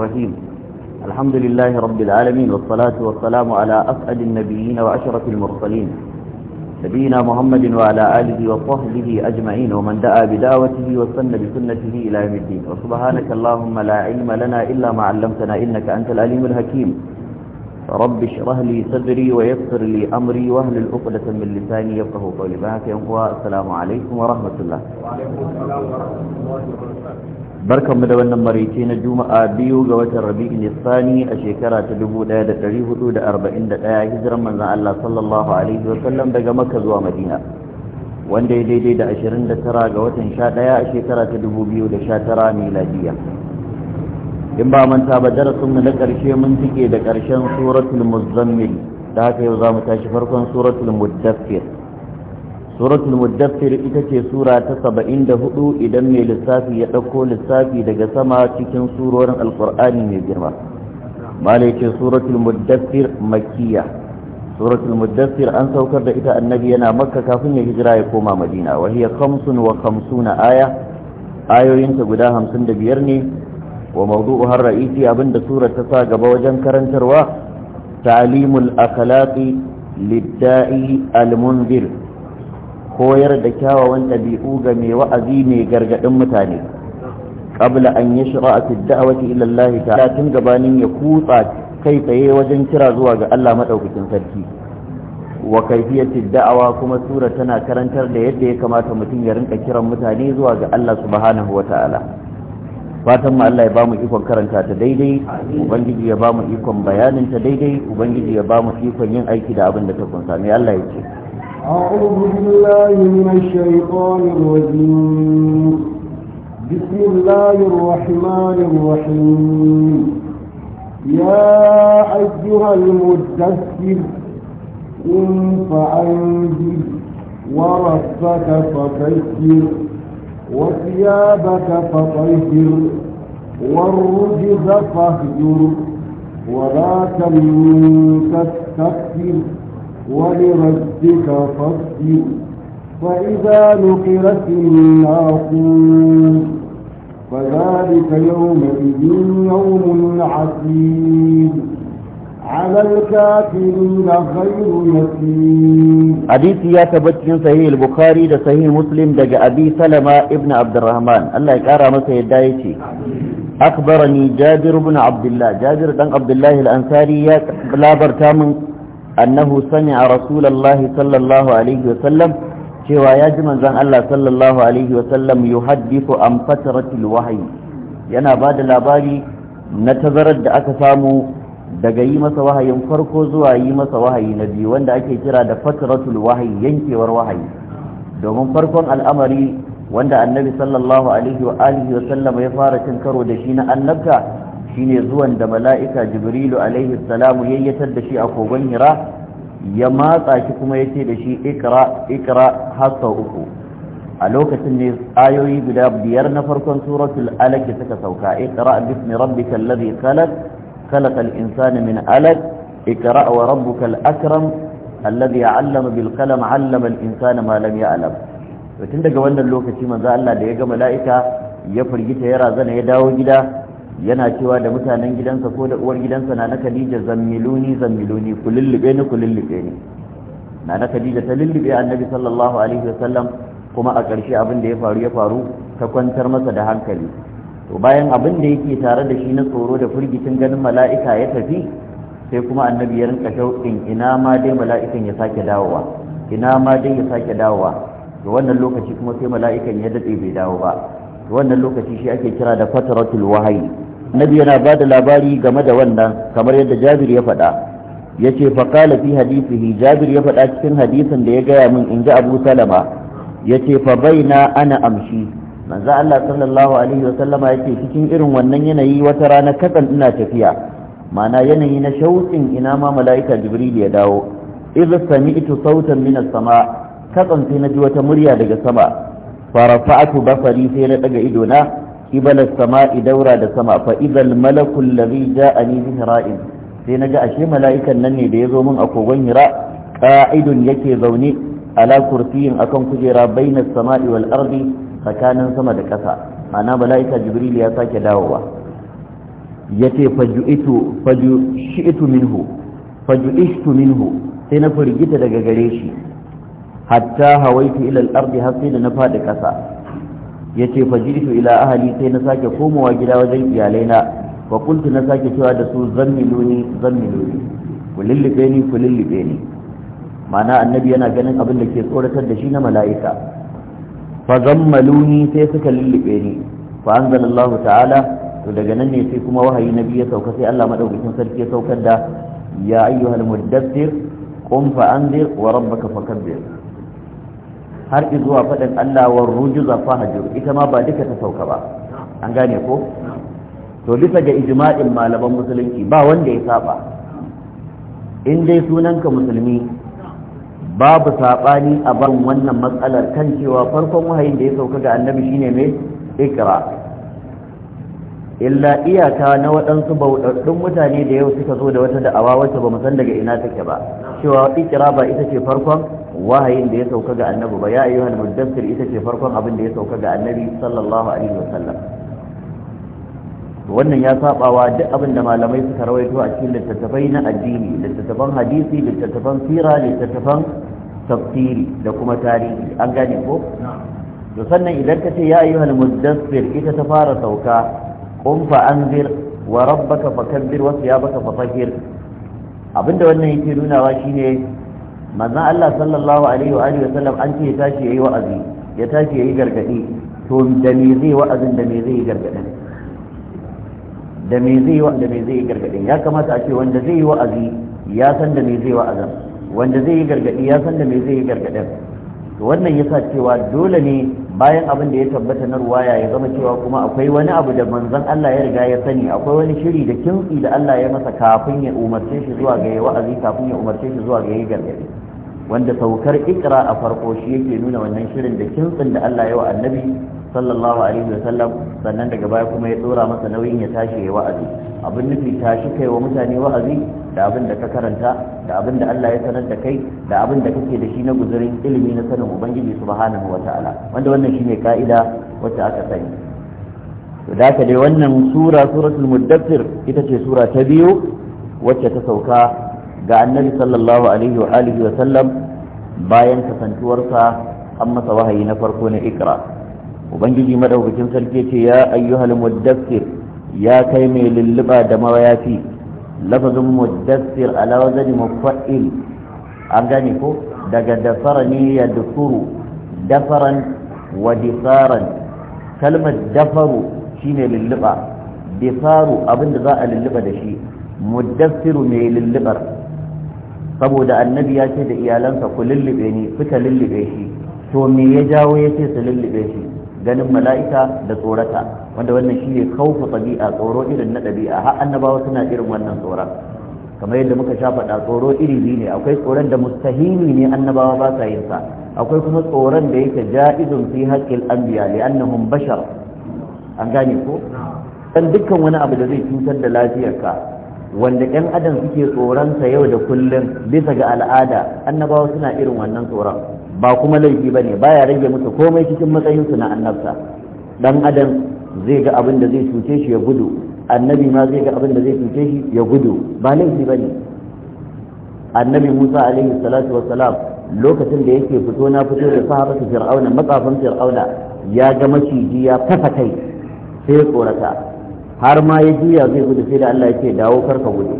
الرحيم الحمد لله رب العالمين والصلاة والسلام على أسعد النبيين وعشرة المرسلين نبينا محمد وعلى آله وصحبه أجمعين ومن دعا بدعوته وسن بسنته إلى يوم الدين وسبحانك اللهم لا علم لنا إلا ما علمتنا إنك أنت العليم الحكيم رب اشرح لي صدري ويسر لي أمري واهل الأقدة من لساني يفقهوا قولي بهاك يا السلام عليكم ورحمة الله وعليكم السلام ورحمة الله وبركاته barkanmu da wannan maraice na juma'a biyu ga watan rabi'in isani a shekara ta 1441 hijiran manzan Allah sallallahu alaihi wa sallam daga makka zuwa madina wanda ya daidai da 29 ga watan 11 a shekara ta 2019 miladiya in ba manta ba darasinmu na ƙarshe mun tike da ƙarshen suratul muzammil da haka yau za mu tashi farkon suratul muddaffir suratul muddassir ita ce sura ta saba'in da hudu idan mai lissafi ya ɗauko lissafi daga sama cikin surorin alkur'ani mai girma malai ce suratul muddassir makkiya suratul muddassir an saukar da ita annabi yana makka kafin ya hijira ya koma madina wa hiya khamsun wa khamsuna aya ayoyinta guda hamsin da biyar ne wa mawdu'u har ra'isi abinda surar ta sa gaba wajen karantarwa ta'limul akhlaqi lid-da'i al-munzir koyar da kyawawan ɗabi'u ga mai wa'azi ne gargaɗin mutane ƙabla an yi yashra a da'wati ila Allah ta'ala tun gabanin ya kutsa kai tsaye wajen kira zuwa ga Allah madaukakin sarki wa kaifiyatid da'awa kuma sura tana karantar da yadda ya kamata mutum ya rinka kiran mutane zuwa ga Allah subhanahu ta'ala fatan ma Allah ya bamu ikon karanta ta daidai ubangiji ya bamu ikon bayanin ta daidai ubangiji ya bamu ikon yin aiki da abin da ta kunsa mai Allah ya ce أعوذ بالله من الشيطان الرجيم بسم الله الرحمن الرحيم يا أيها المدثر قم فأنذر وربك فكثر وثيابك فطهر والرجز فاهجر ولا تمن تستكثر ولربك فاصبر فإذا نقر في الناقور فذلك يومئذ يوم عسير على الكافرين غير يسير حديث يا تبتين صحيح البخاري ده صحيح مسلم ده أبي سلمة ابن عبد الرحمن الله يقرأ ما سيدايتي أخبرني جابر بن عبد الله جابر بن عبد الله الأنصاري لا برتامن annahu a rasulullahi sallallahu alaihi wa sallam cewa ya ji manzon Allah sallallahu alaihi wa sallam an wahyi yana ba da labari na tazarar da aka samu daga yi masa wahayin farko zuwa yi masa wahayi na biyu wanda ake kira da fataratul wahayi yankewar wahayi domin farkon al'amari wanda annabi sallallahu alaihi wa alihi wa sallam ya fara cin karo da shi na annabta shine zuwan da mala'ika jibrilu alaihi salamu yayyatar da shi a kogon hira ya matsa shi kuma ya ce da shi ikra ikra har sau uku a lokacin ne ayoyi guda biyar na farkon suratul alaq suka sauka ikra bismi rabbika alladhi khalaq khalaqa al-insana min alaq ikra wa rabbuka al-akram alladhi 'allama bil qalam 'allama al-insana ma lam ya'lam to tun daga wannan lokaci manzo Allah da ya ga mala'ika ya firgita ya razana ya dawo gida yana cewa da mutanen gidansa ko da uwar gidansa na na Khadija zammiluni zammiluni ku lullube ni ku lullube ni na na Khadija ta lullube annabi sallallahu alaihi wasallam kuma a ƙarshe abin da ya faru ya faru ta kwantar masa da hankali to bayan abin da yake tare da shi na tsoro da firgicin ganin mala'ika ya tafi sai kuma annabi ya rinka shauƙin ina ma dai mala'ikan ya sake dawowa ina ma dai ya sake dawowa to wannan lokaci kuma sai mala'ikan ya daɗe bai dawo ba to wannan lokaci shi ake kira da fatratul wahayi nabi yana ba da labari game da wannan kamar yadda jabir ya faɗa ya ce faƙala fi hadisihi jabir ya faɗa cikin hadisin da ya gaya min in ji abu salama ya ce fa baina ana amshi manzo Allah sallallahu alaihi wa sallama ya ce cikin irin wannan yanayi wata rana katsan ina tafiya ma'ana yanayi na shautin ina ma mala'ika jibril ya dawo idza sami'tu sautan minas sama katsan sai na ji wata murya daga sama fa ba basari sai na daga idona qibala samai daura da sama fa idhal malaku alladhi ja'ani bihi ra'in sai naga ashe mala'ikan nan ne da yazo min a kogon hira qa'idun yake zaune ala kursiyin akan kujera bainas sama'i wal ardi tsakanin sama da ƙasa ana mala'ika jibril ya sake dawowa yace faju'itu faju'itu minhu faju'ishtu minhu sai na firgita daga gare shi hatta hawaitu ila al-ardi har sai da na fadi ƙasa ya ce fajiritu ila ahali sai na sake komowa gida wajen na wa kuntu na sake cewa da su zammiluni zammiluni ku lullube ni ku lullube ni ma'ana annabi yana ganin abin da ke tsoratar da shi na mala'ika fa zammaluni sai suka lullube ni fa anzalallahu ta'ala to daga nan ne sai kuma wahayi nabi ya sauka sai Allah maɗaukakin sarki ya saukar da ya ayyuhal muddathir qum fa anzir wa rabbaka fakabbir har zuwa faɗin Allah wa rujuza fahajur ita ma ba duka ta sauka ba an gane ko to bisa ga ijma'in malaman musulunci ba wanda ya saba in dai sunanka musulmi babu sabani a ban wannan matsalar kan cewa farkon wahayin da ya sauka ga annabi shine mai ikra illa iyaka na waɗansu bauɗaɗɗun mutane da yau suka zo da wata da'awa wacce ba mu san daga ina take ba cewa ikra ba ita ce farkon wahayin da ya sauka ga annabi ba ya ayyuhal muddassir ita ce farkon abin da ya sauka ga annabi sallallahu alaihi wasallam wannan ya sabawa duk abin da malamai suka rawaito a cikin littattafai na addini littattafan hadisi littattafan sira littattafan tafsiri da kuma tarihi an gane ko to sannan idan ka ce ya ayyuhal muddassir ita ta fara sauka qum fa anzir wa rabbaka fakabbir wa thiyabaka fatahhir abinda wannan yake nunawa shine manzan Allah sallallahu alaihi wa alihi wasallam an ce ya tashi yayi wa'azi ya tashi yayi gargadi to da me zai wa'azin da me zai gargadin da me zai da me zai gargadin ya kamata a ce wanda zai yi wa'azi ya san da me zai wa'azin wanda zai yi gargadi ya san da me zai yi gargadin to wannan yasa cewa dole ne bayan abin da ya tabbata na ruwaya ya zama cewa kuma akwai wani abu da manzan Allah ya riga ya sani akwai wani shiri da kintsi da Allah ya masa kafin ya umarce shi zuwa ga wa'azi kafin ya umarce shi zuwa ga gargadi wanda saukar ikra a farko shi yake nuna wannan shirin da kintsin da Allah ya wa annabi sallallahu alaihi wasallam sannan daga baya kuma ya dora masa nauyin ya tashi ya wa'azi abin nufi tashi kai wa mutane wa'azi da abin da ka karanta da abin da Allah ya sanar da kai da abin da kake da shi na guzurin ilimi na sanin ubangiji subhanahu wata'ala wanda wannan shine ka'ida wacce aka sani to da ka dai wannan sura suratul muddathir ita ce sura ta biyu wacce ta sauka ga annabi sallallahu alaihi wa alihi wa sallam bayan kasantuwarsa an masa wahayi na farko na ikra ubangiji madaukakin sarki ce ya ayyuhal muddassir ya kai mai lulluba da mawayafi lafazin muddassir ala wazani mufa'il an gane ko daga dafara ne ya dafuru dafaran wa disaran kalmar dafaru shine lulluba disaru abinda za a lulluba da shi muddassiru mai lullubar saboda annabi ya ce da iyalansa ku lullube ni fita lullube shi to me ya jawo ya ce su lullube shi ganin mala'ika da tsorata wanda wannan shi ne kaufu ɗabi'a tsoro irin na ɗabi'a har annabawa suna irin wannan tsoron kamar yadda muka sha faɗa tsoro iri biyu ne akwai tsoron da mustahili ne annabawa ba sa yin sa akwai kuma tsoron da yake ja'izun fi haqqil anbiya li'annahum bashar an gane ko dan dukkan wani abu da zai cutar da lafiyarka wanda ɗan adam suke tsoronsa yau da kullum bisa ga al'ada annabawa suna irin wannan tsoron ba kuma laifi ba ne baya rage musu komai cikin matsayinsu na annabta ɗan adam zai ga abin da zai cuce shi ya gudu annabi ma zai ga abin da zai cuce shi ya gudu ba laifi ba ne annabi musa alaihi salatu wassalam lokacin da yake fito na fito da sahabatu fir'auna matsafin fir'auna ya ga maciji ya fasa kai sai ya tsorata har ma ya juya zai gudu sai da Allah ya ce dawo karka gudu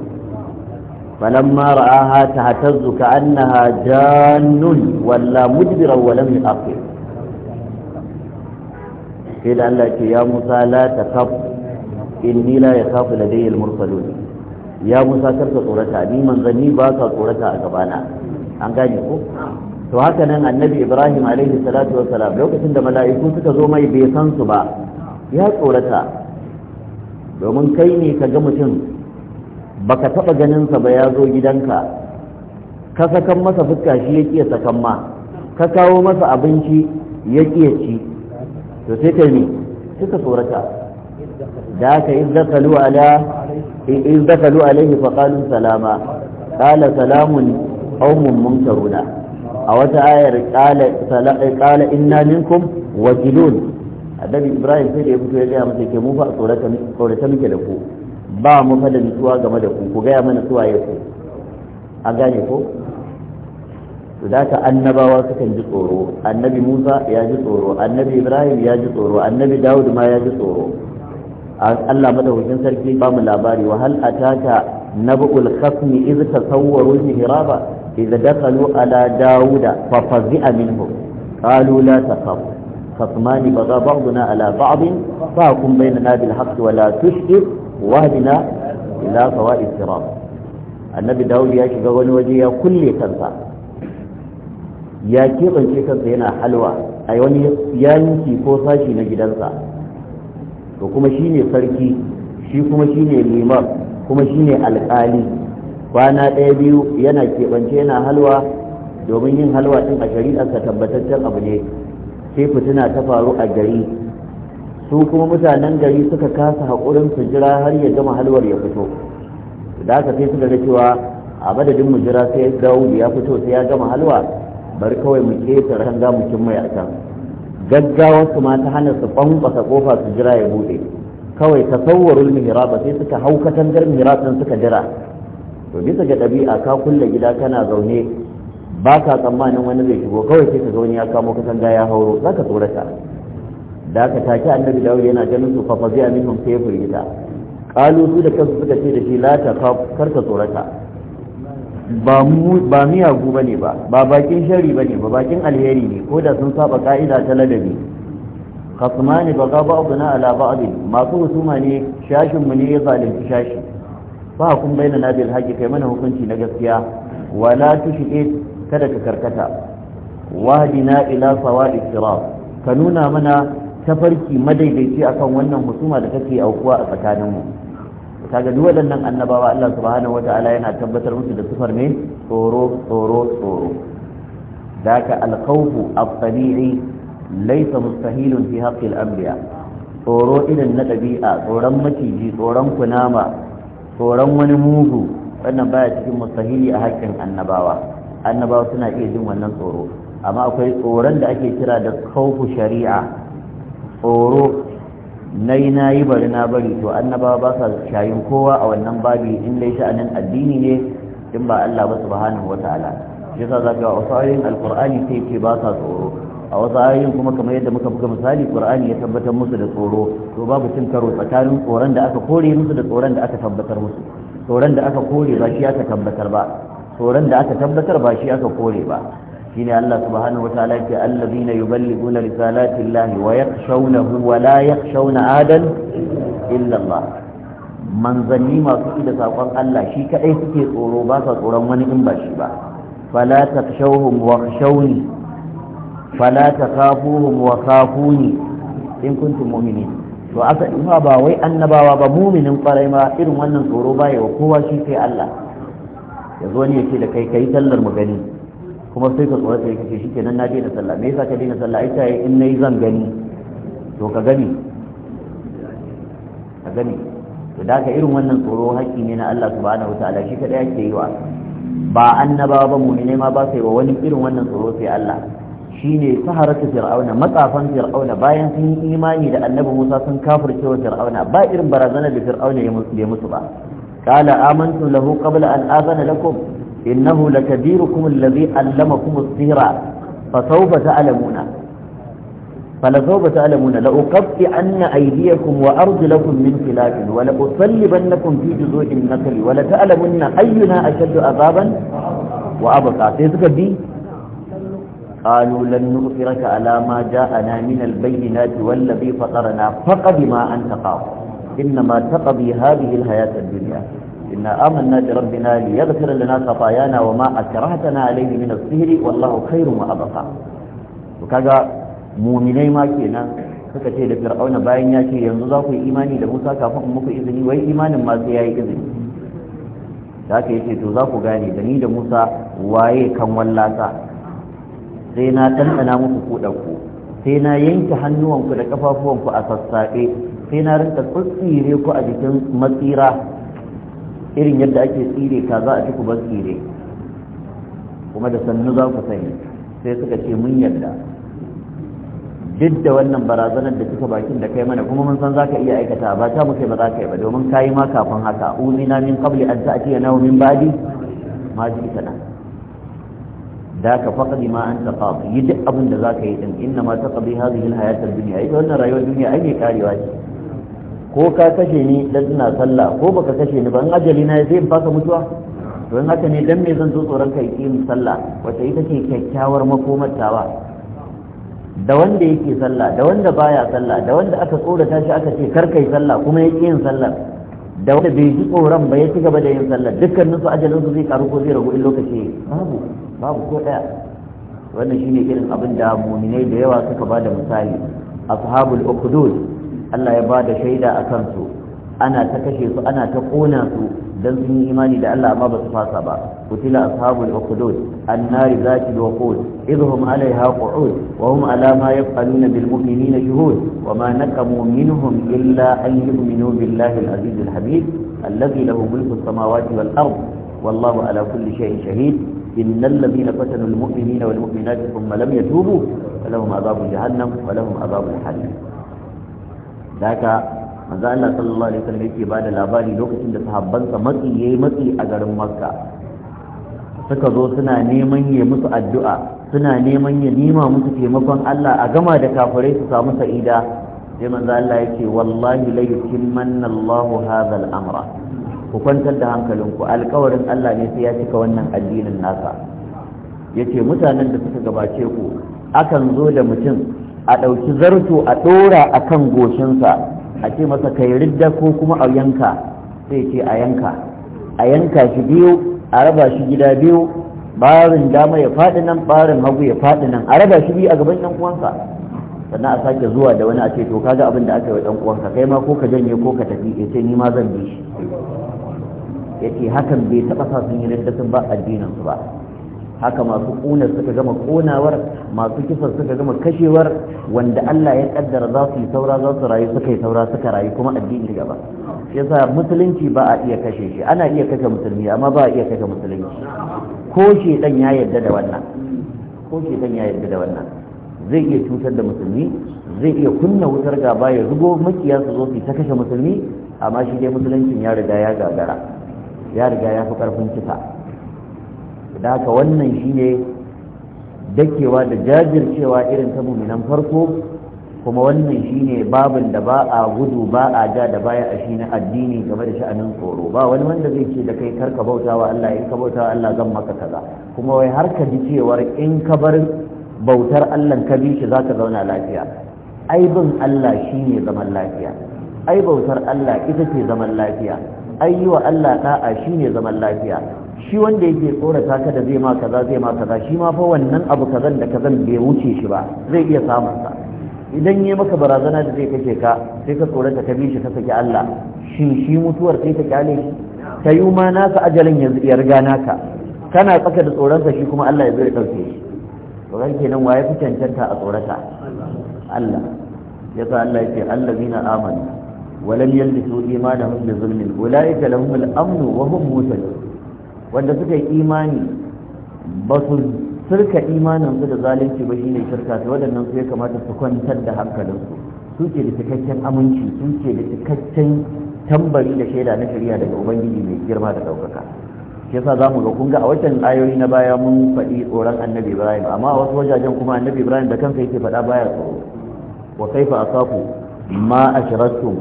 falamma ra'aha tahtazzu annaha, jannun walla mudbira wa lam yu'aqib sai da Allah ya ce ya Musa la takhaf inni la yakhafu ladayya al-mursalun ya Musa karka tsorata ni manzanni ba ka tsorata a gabana an gane ko to haka nan annabi ibrahim alaihi salatu wassalam lokacin da mala'iku suka zo mai bai san su ba ya tsorata domin kai ne ka ga mutum ba ka taɓa ganinsa ba ya zo gidanka ka sakan masa fuska shi ya ƙiya sakan ma ka kawo masa abinci ya ƙiya ci to sai kai ne suka tsorata da aka izdakalu ala izdakalu alaihi faqalu salama qala salamun qaumun munkaruna a wata ayar qala qala inna minkum wajilun annabi ibrahim sai da ya fito ya gaya masa ke mu fa tsorata muke da ku ba mu fa da nutsuwa game da ku ku gaya mana suwa ya ku a gane ko su da ka annabawa su kan ji tsoro annabi musa ya ji tsoro annabi ibrahim ya ji tsoro annabi dawud ma ya ji tsoro Allah madaukakin sarki ba mu labari wa hal ataka nabul khasmi iz tasawwaru mihraba idza dakhalu ala dawuda fa fazi'a minhu qalu la taqafu خصمان بغى بعضنا على بعض فاحكم بيننا بالحق ولا تشكر واهدنا إلى سواء الصراط annabi dawud ya shiga wani waje ya kulle kansa ya keɓance kansa yana halwa a wani yanki ko sashi na gidansa to kuma shi sarki shi kuma shi ne limar kuma shi ne kwana ɗaya biyu yana keɓance yana halwa domin yin halwa din a shari'arsa tabbataccen abu ne sai fitina ta faru a gari su kuma mutanen gari suka kasa haƙurin su jira har ya gama halwar ya fito da aka sai suka ga cewa a madadin mu jira sai dawud ya fito sai ya gama halwa bari kawai mu keta ran ga mu kin mai a gaggawar su ma ta hana su bambasa kofa su jira ya bude kawai tasawwarul mihrab sai suka hau katangar mihrab sun suka jira to bisa ga ɗabi'a ka kulle gida kana zaune ba ka tsammanin wani zai shigo kawai sai ka ga wani ya kamo kasan ga ya hauro za ka tsorata da aka take annabi dawud yana ganin su fafa zai aminhum sai ya firgita kalu su da kansu suka ce da shi la ta kar ka tsorata ba mu ba miyagu bane ba ba bakin shari bane ba bakin alheri ne ko da sun saba ka'ida ta ladabi khasmani baga ba'duna ala ba'd masu husuma ne shashin mu ne ya zalunci shashi fa hukum bainana bil haqi kai mana hukunci na gaskiya wala tushid kada ka karkata wahdina ila sawa'i sirat ka nuna mana tafarki madaidaici akan wannan husuma da take aukuwa a tsakaninmu kaga duk waɗannan annabawa Allah subhanahu wata'ala yana tabbatar musu da sufar ne tsoro tsoro tsoro daka alkhawfu at-tabi'i laysa mustahilun fi haqqi al-anbiya tsoro irin na ɗabi'a tsoron maciji tsoron kunama tsoron wani mugu wannan baya cikin mustahili a haƙƙin annabawa annabawa suna iya jin wannan tsoro amma akwai tsoron da ake kira da kaufu shari'a tsoro na yi na yi bari na bari to annabawa ba sa shayin kowa a wannan babi in dai sha'anin addini ne in ba Allah ba subhanahu wa ta'ala shi yasa zaka ga wasu ayoyin alqur'ani sai ce ba sa tsoro a wasu ayoyin kuma kamar yadda muka buga misali qur'ani ya tabbatar musu da tsoro to babu cin karo tsakanin tsoron da aka kore musu da tsoron da aka tabbatar musu tsoron da aka kore ba shi aka tabbatar ba toron da aka tabbatar ba shi aka kore ba shine Allah subhanahu wataala ke allazina yuballighuna risalati llahi wa yakhshawnahu wa la yakhshawna adan illa Allah manzanni masu da sakon Allah shi kadai suke tsoro ba sa tsoron wani in ba shi ba fala takhshawhum wa khshawni fala takhafuhum wa khafuni in kuntum mu'minin to aka ima ba wai annabawa ba mu'minin kwarai ma irin wannan tsoro ba yawa kowa shi kai Allah yanzu wani ya ce da kai kai sallar mu gani kuma sai ka tsorata ya kace shikenan na daina sallah me yasa ka daina sallah ita ta in nayi zan gani to ka gani ka gani to da ka irin wannan tsoro haƙƙi ne na Allah subhanahu wataala shi kadai yake yi wa ba annabawa ba mu'minai ma ba sai wa wani irin wannan tsoro sai Allah shine saharatu fir'auna matsafan fir'auna bayan sun yi imani da annabi Musa sun kafirce wa fir'auna ba irin barazana da fir'auna ya musu ba قال آمنت له قبل أن آذن لكم إنه لكبيركم الذي علمكم السيرة فسوف تعلمون فلسوف تعلمون لأقطع أن أيديكم وأرجلكم من خلاف ولأصلبنكم في جذوع النخل ولتعلمن أينا أشد عذابا وأبقى سيسك بي قالوا لن نؤثرك على ما جاءنا من البينات والذي فطرنا فقد ما أنت قاضي إنما تقضي هذه الحياة الدنيا إنا آمنا بربنا ليغفر لنا خطايانا وما أكرهتنا عليه من السهر والله خير وأبقى وكذا مؤمني ما كنا suka ce da fir'auna bayan ya ce yanzu za ku yi imani da musa kafin in muku izini wai imanin ma sai ya yi izini da aka yi to za ku gane da ni da musa waye kan wallasa sai na ɗanɗana muku ku sai na yanke hannuwanku da ƙafafuwanku a sassaɓe sai na rinka tsire ku a jikin matsira irin yadda ake tsire ka za a ci ku tsire kuma da sannu za ku sani sai suka ce mun yadda duk da wannan barazanar da suka bakin da kai mana kuma mun san za ka iya aikata ba ta mu kai ba za ka yi ba domin ka yi ma kafin haka uzina min qabli an ta'tiya na min ba'di ma ji nan da ka faqdi ma an qadi yi duk abin da za ka yi din inna ma taqdi hadhihi al hayatar duniya ita wannan rayuwar duniya ai ne karewa ce ko ka kashe ni dan ina sallah ko baka kashe ni ba in ajali na zai fasa mutuwa don haka ne dan me zan zo tsoron kai yin sallah wace ita ce kyakkyawar makomatawa da wanda yake sallah da wanda baya sallah da wanda aka tsorata shi aka ce kar kai sallah kuma yake yin sallah da wanda bai ji tsoron ba ya ci gaba da yin sallah dukkanin su ajalin su zai karu ko zai ragu in lokaci babu babu ko daya wannan shine irin abin da mu'minai da yawa suka bada misali ashabul ukhdud Allah ya ba da shaida a kansu ana ta kashe su ana ta kona su dan sun yi imani da Allah amma ba su fasa ba kutila ashabul ukhdud annari zati alwaqud idhum alaiha qu'ud wa hum ala ma yaf'aluna bil mu'minina shuhud wa ma naqamu minhum illa an yu'minu billahi al-aziz al-habib alladhi lahu mulku samawati wal ard wallahu ala kulli shay'in shahid إن الذين فتنوا المؤمنين والمؤمنات ثم لم يتوبوا فلهم عذاب جهنم ولهم عذاب الحريق da haka manzo Allah sallallahu alaihi wasallam yake bada labari lokacin da sahabbansa matsi yayi matsi a garin Makka suka zo suna neman ya musu addu'a suna neman ya nima musu taimakon Allah a gama da kafirai su samu sa'ida sai manzo Allah yake wallahi la yutimmanna Allahu hadha al-amra ku kwantar da hankalinku alkawarin Allah ne sai ya cika wannan addinin nasa yace mutanen da suka gabace ku akan zo da mutum a ɗauki zarto a ɗora a kan goshinsa a ce masa yi ridda ko kuma a yanka sai ce a yanka a yanka shi biyu a raba shi gida biyu barin dama ya faɗi nan barin hagu ya faɗi nan a raba shi biyu a gaban ɗan uwansa sannan a sake zuwa da wani a ce to kaga abin da aka yi wa ɗan uwanka kai ma ko ka janye ko ka tafi ya ce ni ma zan bi shi ya ce hakan bai taɓa sa sun yi ridda sun ba addinin su ba haka masu kuna suka gama konawar masu kifar suka gama kashewar wanda Allah ya kaddara za su yi saura za su rayu suka yi saura suka rayu kuma addini gaba yasa musulunci ba a iya kashe shi ana iya kashe musulmi amma ba a iya kashe musulunci ko dan ya yarda da wannan ko dan ya yarda da wannan zai iya cutar da musulmi zai iya kunna wutar gaba ya zugo makiya su zo su ta kashe musulmi amma shi dai musuluncin ya riga ya gagara ya riga ya fi karfin kisa da haka wannan shine dakewa da jajircewa irin ta muminan farko kuma wannan shine babin da ba a gudu ba a ja da baya a shi na addini game da sha'anin tsoro ba wani wanda zai ce da kai karka bautawa Allah in ka bautawa Allah zan maka kaza kuma wai har ka ji cewar in ka bar bautar Allah ka bi shi zaka zauna lafiya ai bin Allah ne zaman lafiya ai bautar Allah ita ce zaman lafiya ai yi wa Allah da'a shine zaman lafiya shi wanda yake tsorata ka da zai ma kaza zai ma kaza shi ma fa wannan abu kazan da kazan bai wuce shi ba zai iya samun sa idan yi maka barazana da zai kashe ka sai ka tsorata ka bi shi ka saki Allah shin shi mutuwar sai ka kyale shi ta yi ma nasa ajalin yanzu ya riga naka kana tsaka da tsoronsa shi kuma Allah ya zo ɗauke shi tsoron kenan waye fi cancanta a tsorata Allah ya sa Allah ya ce allazina amanu ولم يلبسوا إيمانهم بظلم أولئك لهم الأمن وهم مهتدون wanda suka yi imani ba su sirka imaninsu da zalunci ba shi ne shirka ta waɗannan su ya kamata su kwantar da hankalinsu su ce da cikakken aminci su ce da cikakken tambari da shaida na shari'a daga ubangiji mai girma da ɗaukaka shi yasa za mu ga kun ga a watan ayoyi na baya mun faɗi tsoron annabi ibrahim amma a wasu wajajen kuma annabi ibrahim da kanka yake faɗa baya tsoro wa kaifa asaku ma ashrattum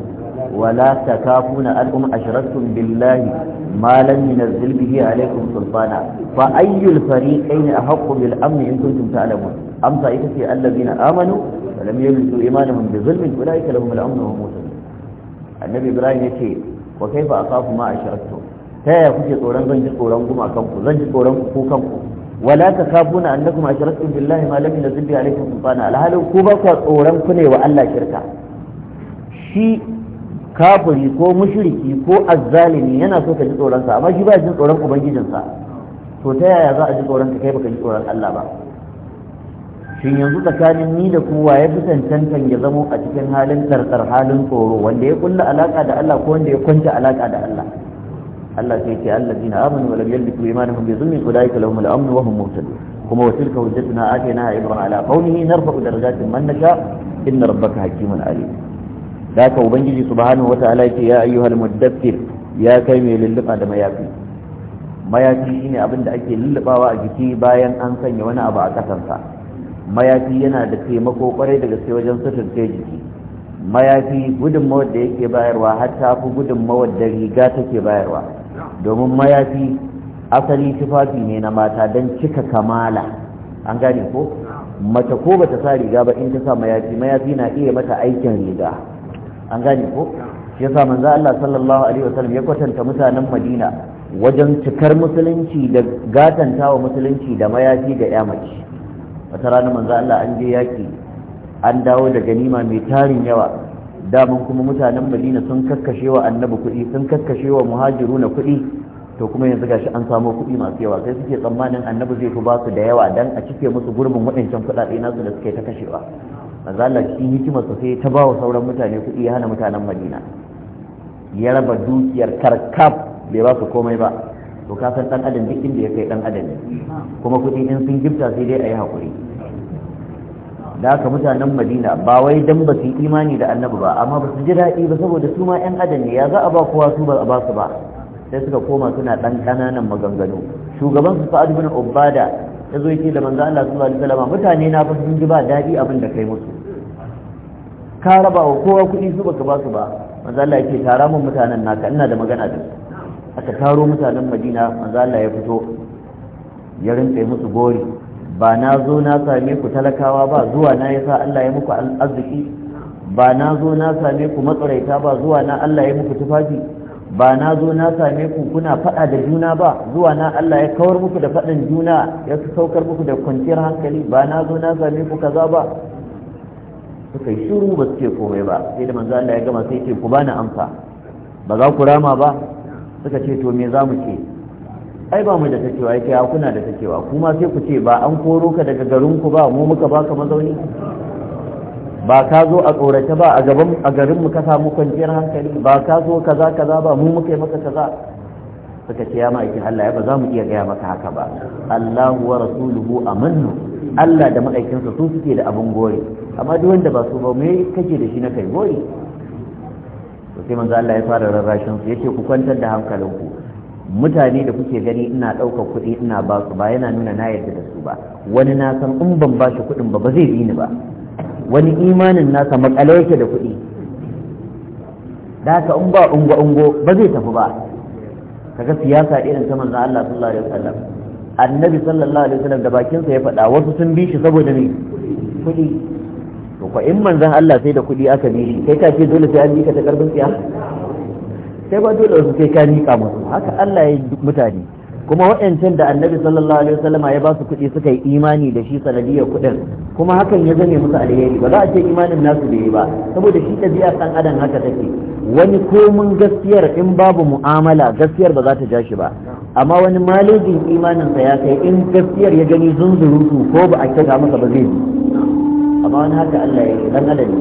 ولا تكافون أنكم أشركتم بالله ما لم ينزل به عليكم سلطانا فأي الفريقين أحق بالأمن إن كنتم تعلمون أم طائفة الذين آمنوا ولم يلبسوا إيمانهم بظلم أولئك لهم الأمن وهم مسلمون النبي إبراهيم يقول وكيف أخاف ما أشركتم تايا كنت توران زنج توران كما كمكم زنج توران كو كمكم ولا تخافون أنكم أشركتم بالله ما لم ينزل به عليكم سلطانا الهالو كوبا كوران كني وألا شركا shi kafiri ko mushriki ko azzalimi yana so ka ji tsoronsa amma shi ba jin tsoron ubangijinsa to ta yaya za a ji tsoron ka kai baka ji tsoron Allah ba shin yanzu tsakanin ni da kowa ya fi cancantan ya zamo a cikin halin tsartsar halin tsoro wanda ya kulla alaka da Allah ko wanda ya kwanta alaka da Allah Allah sai ce Allah dina amanu wa lam yalbisu imanuhum bi zulmi ulaika lahum al-amn wa hum muhtadun kuma wa tilka hujjatuna atainaha ibrahima ala qawlihi narfa'u darajatin man nasha inna rabbaka hakimun alim da haka ubangiji subhanahu wataala yake ya ayyuhal muddathir ya kai mai lulluba da mayafi mayafi shine abin da ake lullubawa a jiki bayan an sanya wani abu a kasansa mayafi yana da taimako kwarai da gaske wajen suturce jiki mayafi gudunmawar da yake bayarwa har ta fi gudunmawar da riga take bayarwa domin mayafi asali tufafi ne na mata don cika kamala an gane ko mace ko bata sa riga ba in ta sa mayafi mayafi na iya mata aikin riga an gane ko shi yasa manzo Allah sallallahu alaihi wasallam ya kwatanta mutanen Madina wajen cikar musulunci da gatantawa musulunci da mayafi da ya wata rana manzo Allah an je yaki an dawo da ganima mai tarin yawa daman kuma mutanen madina sun kakkashe wa annabi kuɗi sun kakkashe wa muhajiru na kuɗi to kuma yanzu gashi an samo kuɗi masu yawa sai suke tsammanin annabi zai fi basu da yawa dan a cike musu gurbin waɗancan kuɗaɗe nasu da suke ta kashewa manzo Allah cikin hikimar sa sai ta bawa sauran mutane kuɗi ya hana mutanen Madina ya raba dukiyar karkaf bai ba su komai ba to ka san dan adam duk inda ya kai dan adam ne kuma kuɗi in sun gifta sai dai yi hakuri da haka mutanen Madina ba wai dan ba su imani da Annabi ba amma ba su ji daɗi ba saboda su ma ƴan adam ne ya za a ba kowa su ba a ba su ba sai suka koma suna ɗan ƙananan maganganu shugaban su fa'ad bin Ubada ya yake da manzo Allah sallallahu alaihi wasallam mutane na ba sun ji ba dadi abin da kai musu ka raba wa kowa kuɗi su baka ba su ba manzo Allah yake tara mun mutanen naka ina da magana da su aka taro mutanen Madina manzo Allah ya fito ya rinka musu gori ba na zo na same ku talakawa ba zuwa na yasa Allah ya muku arziki ba na zo na same ku matsaraita ba zuwa na Allah ya muku tufafi ba na zo na same ku kuna faɗa da juna ba zuwa na Allah ya kawar muku da faɗin juna ya saukar muku da kwanciyar hankali ba na zo na same ku kaza ba suka yi shiru ba suke komai ba sai da manzo Allah ya gama sai ce ku bani amsa ba za ku rama ba suka ce to me za mu ce ai ba mu da ta cewa yake ya kuna da ta cewa kuma sai ku ce ba an koro ka daga garin ku ba mu muka baka mazauni ba ka zo a tsorace ba a gaban a garin mu ka samu kwanciyar hankali ba ka zo kaza kaza ba mu muka yi maka kaza suka ce ya ma'aikin Allah ya ba za mu iya gaya maka haka ba Allahu wa rasuluhu amannu Allah da ma'aikinsa su suke da abin gore amma duk wanda ba su ba me kake da shi na kai gore to sai manzo Allah ya fara rarrashin su yace ku kwantar da hankalinku mutane da kuke gani ina ɗaukar kuɗi ina ba su ba yana nuna na yarda da su ba wani na san in ban ba shi kuɗin ba ba zai bi ni ba wani imanin nasa makale yake da kuɗi da haka in ba ungo ungo ba zai tafi ba kaga siyasa irin ta manzo Allah sallallahu alaihi wasallam annabi sallallahu alaihi wasallam da bakinsa ya faɗa wasu sun bi shi saboda ne kuɗi to ko in manzon Allah sai da kuɗi aka bi shi kai ka ce dole sai an bi ka ta karbin siya? sai ba dole wasu sai ka miƙa musu haka Allah ya yi mutane kuma wa'ancan da annabi sallallahu alaihi ya ba su kuɗi suka yi imani da shi sanadiyar kuɗin kuma hakan ya zame musu alheri ba za a ce imanin nasu da yi ba saboda shi ɗabi'ar ɗan adam haka take wani komin gaskiyar in babu mu'amala gaskiyar ba za ta ja shi ba amma wani malejin imaninsa ya kai in gaskiyar ya gani zunzurutu ko ba a kira masa ba zai amma wani haka Allah ya yi dan adam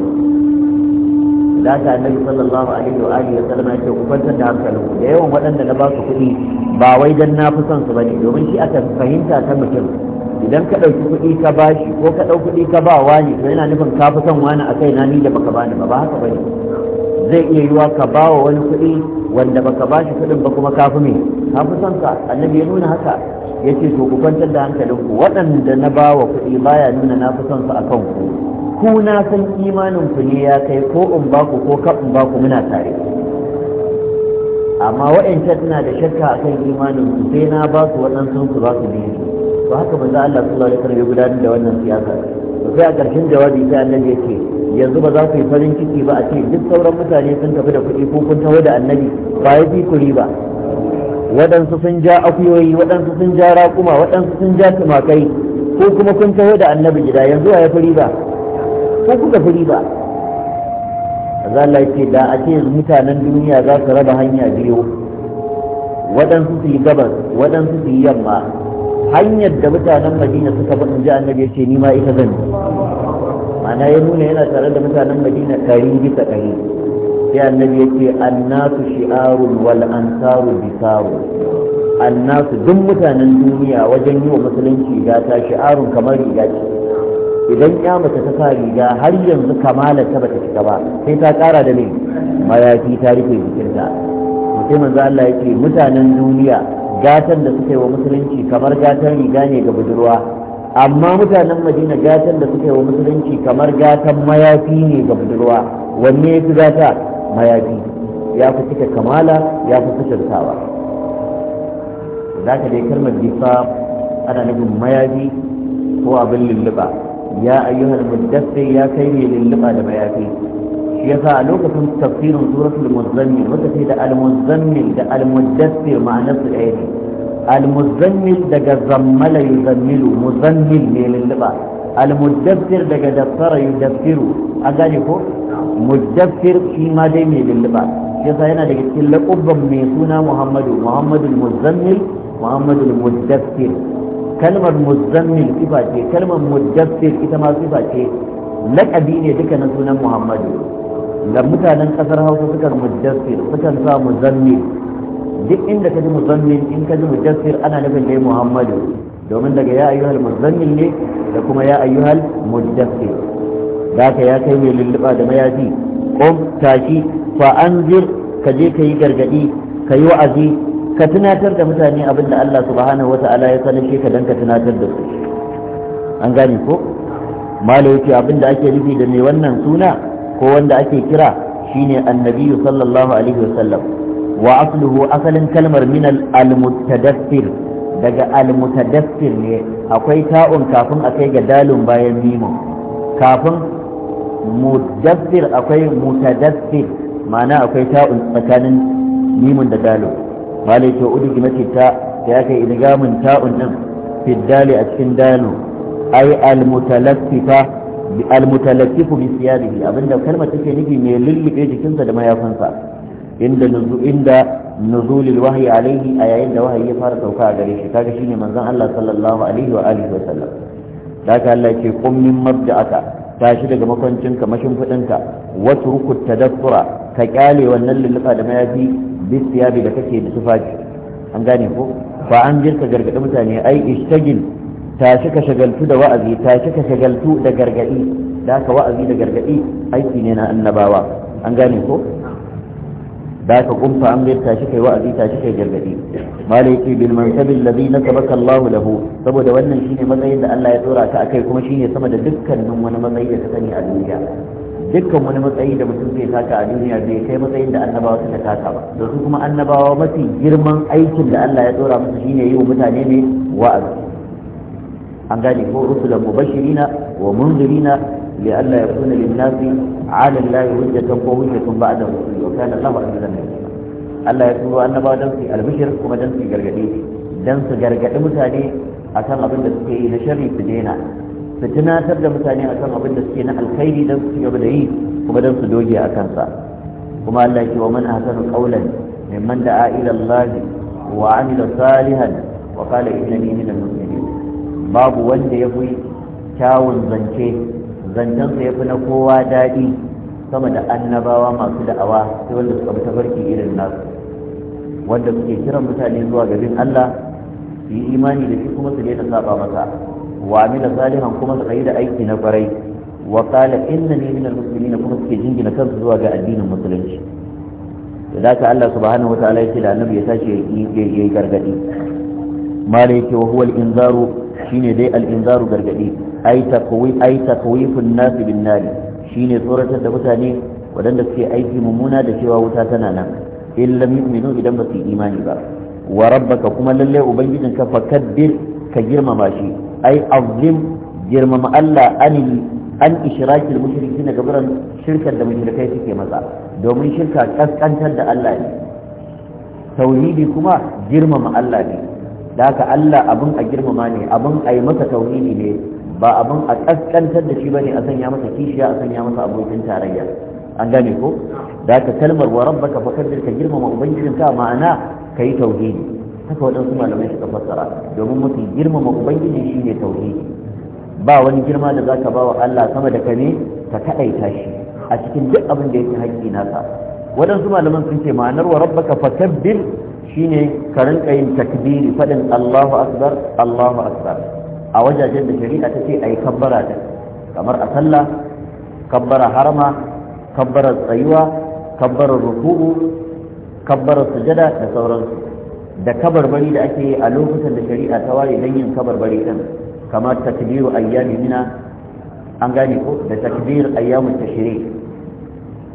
da haka annabi sallallahu alaihi wa alihi wa sallam ya ce ku kwantar da hankalinku da yawan waɗanda na ba su kuɗi ba wai dan na fi son su bane domin shi aka fahimta ta mutum idan ka ɗauki kuɗi ka bashi ko ka ɗauki kuɗi ka ba wani to yana nufin ka fi son wani a kai na ni da baka bani ba ba haka bane zai iya yiwa ka ba wa wani kuɗi wanda baka bashi kuɗin ba kuma ka fi me ka fi son ka annabi ya nuna haka ya ce to ku kwantar da hankalinku waɗanda na ba wa kuɗi baya nuna na fi son su a kan ku ku na san imanin ku ne ya kai ko in ba ku ko ka in ba ku muna tare amma waɗancan suna da shakka akan imanin su sai na ba su wannan sun su ba su bi ba haka za Allah sallallahu alaihi wasallam ya gudanar da wannan siyasa to sai a ƙarshen jawabi sai annabi yake yanzu ba za ku yi farin ciki ba a ce duk sauran mutane sun tafi da kuɗi ko kun tawo da annabi ba ya fi kuri ba waɗansu sun ja akuyoyi waɗansu sun ja raƙuma waɗansu sun ja tumakai ko kuma kun tawo da annabi gida yanzu ya fi riba ko kuka fi riba Allah ce da a ce mutanen duniya za su raba hanya biyu waɗansu su yi gabas waɗansu su yi yamma hanyar da mutanen madina suka bi in annabi ya ce ni ma ita zan ma'ana ya nuna yana tare da mutanen madina ɗari bisa ɗari sai annabi ya ce annasu shi'arun wal ansaru bisaru annasu duk mutanen duniya wajen yi wa musulunci gata shi'arun kamar riga ce idan ya mace ta sa riga har yanzu kamala ta bata cika ba sai ta kara da mai mayafi ta rufe jikinta to sai manzo Allah yake mutanen duniya gatan da suka yi wa musulunci kamar gatan riga ne ga budurwa amma mutanen Madina gatan da suka yi wa musulunci kamar gatan mayafi ne ga budurwa wanne yafi gata mayafi ya fi cika kamala ya fi kusurtawa za ka dai kalmar jifa ana nufin mayafi ko abin lulluɓa ya ayyuhal muddathir ya kai ne lulluba da mayafi shi yasa a lokacin tafsirin suratul muzammil wata ce da al-muzammil da al-muddathir ma'anar su ɗaya ne al-muzammil daga zammala yuzammilu muzammil ne lulluba al-muddathir daga dassara yudaffiru an gane ko muddathir shi ma dai mai lulluba shi yasa yana daga cikin laƙubban mai suna muhammadu muhammadul muzammil muhammadul muddathir kalmar muzammil ce kalmar mudaffir ita ma sifa ce laƙabi ne duka na sunan muhammadu da mutanen ƙasar hausa sukan mudaffir sukan sa muzammil duk inda ka ji muzammil in ka ji mudaffir ana nufin dai muhammadu domin daga ya ayyuhal muzammil ne da kuma ya ayyuhal mudaffir da ka ya kai mai lulluɓa da mayafi kom tashi fa anzir ka je ka yi gargaɗi ka yi wa'azi ka tunatar da mutane abin da Allah subhanahu wata'ala ya sanar ke ka dan ka tunatar da su an gane ko malo yake abin da ake nufi da mai wannan suna ko wanda ake kira shine annabiyu sallallahu alaihi wasallam wa asluhu asalin kalmar min al daga al ne akwai ta'un kafin akai ga dalun bayan mimun kafin mudaffir akwai mutadaffir ma'ana akwai ta'un tsakanin mimun da dalun malai ce udu gimati ta ya kai idgamin ta'un din fiddali a cikin dalu ai almutalaffifa bi almutalaffifu bi siyarihi abinda kalmar take nufi mai lullube jikinsa da mayafansa inda nuzu inda nuzulil wahyi alaihi a yayin da wahayi ya fara sauka a gare shi kaga shine manzon Allah sallallahu alaihi wa alihi wa sallam daga Allah ce qum min mabda'aka tashi daga makwancinka mashin fudinka wasu turku tadaffura ka kyale wannan lullufa da mayafi bisiyabi da kake da tufafi an gane ko fa an jirka gargaɗi mutane ai ishtagil tashi ka shagaltu da wa'azi tashi ka shagaltu da gargaɗi da ka wa'azi da gargaɗi aiki ne na annabawa an gane ko da ka kumfa an bai shi kai wa'azi ta shi kai gargaɗi malai yake bil mansabil ladhi nasabaka Allah lahu saboda wannan shine matsayin da Allah ya dora ka akai kuma shine sama da dukkanin wani matsayi da ka sani a duniya dukkan wani matsayi da mutum zai taka a duniya bai kai matsayin da annabawa suka taka ba su kuma annabawa mafi girman aikin da Allah ya tsora musu shine yi wa mutane ne wa'azi an gane ko rusulan mubashirina wa munzirina li Allah yakuna lin nasi ala Allah hujjatan ko hujjatun ba'da rusuli wa kana Allah azizan hakima Allah ya turo annabawa dan su albishir kuma dan su gargade dan su gargade mutane akan abin da suke yi na sharri su daina su tunatar da mutane akan abin da suke na alkhairi don su gaba da yi kuma don su doge a kansa kuma Allah ke wa man ahsanu qawlan mimman da'a ila Allah wa amila salihan wa qala innani min al-muslimin babu wanda ya fi kyawun zance zancen ya fi na kowa daɗi sama da annabawa masu da'awa sai wanda suka bi tafarki irin nasu wanda suke kiran mutane zuwa garin Allah su yi imani da shi kuma su daina saba masa wa amila salihan kuma suka yi da aiki na kwarai wa qala innani minal muslimin kuma suke jingina kansu zuwa ga addinin musulunci da haka Allah subhanahu wataala yake da annabi ya tashi ya yi gargadi mala yake wa huwa al-inzaru shine dai al-inzaru gargadi ai taqwi ai taqwifun nas bin nar tsoratar da mutane wadanda suke aiki mummuna da cewa wuta tana nan in lam yu'minu idan ba su imani ba wa rabbaka kuma lalle ubangijinka fakabbir ka girmama shi ai azim girmama Allah anil an ishrakil mushriki na gaburan shirkar da mushrikai suke maza domin shirka kaskantar da Allah ne tauhidi kuma girmama Allah ne da haka Allah abin a girmama ne abin a yi masa tauhidi ne ba abin a kaskantar da shi bane a sanya masa kishiya a sanya masa abokin tarayya an gane ko da kalmar ka girmama ubangijinka ma'ana kai tauhidi haka waɗansu malamai suka fassara domin mutum girmama ubangiji shine tauhidi ba wani girma da zaka ba wa Allah sama da kame ka kadaita shi a cikin duk abin da yake haƙƙi nasa waɗansu malaman sun ce ma'anar wa rabbaka fakabbir shine ka rinka yin takbiri fadin Allahu akbar Allahu akbar a wajajen da shari'a ta ce yi kabbara da kamar a sallah kabbara harama kabbara tsayuwa kabbara ruku'u kabbara sujada da sauransu da kabarbari da ake yi a lokutan da shari'a ta ware don yin kabarbari din kamar takbiru ayyami mina an gane ko da takbir ayyamu tashri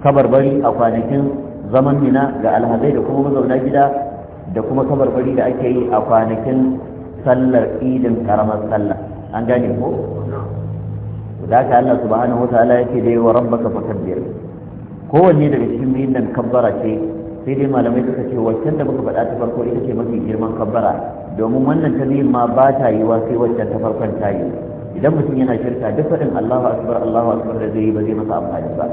kabarbari a kwanakin zaman mina ga alhazai da kuma mazauna gida da kuma kabarbari da ake yi a kwanakin sallar idin karamar sallah an gane ko da ka Allah subhanahu wa ta'ala yake da yawa rabbaka fakabbir kowanne daga cikin yin nan kabbara ce sai dai malamai suka ce waccan da muka faɗa ta farko ita ce mafi girman kabbara domin wannan ta ma ba ta yi wa sai waccan ta farkon ta yi idan mutum yana shirka duk faɗin Allahu akbar Allahu akbar da zai yi ba zai masa amfani ba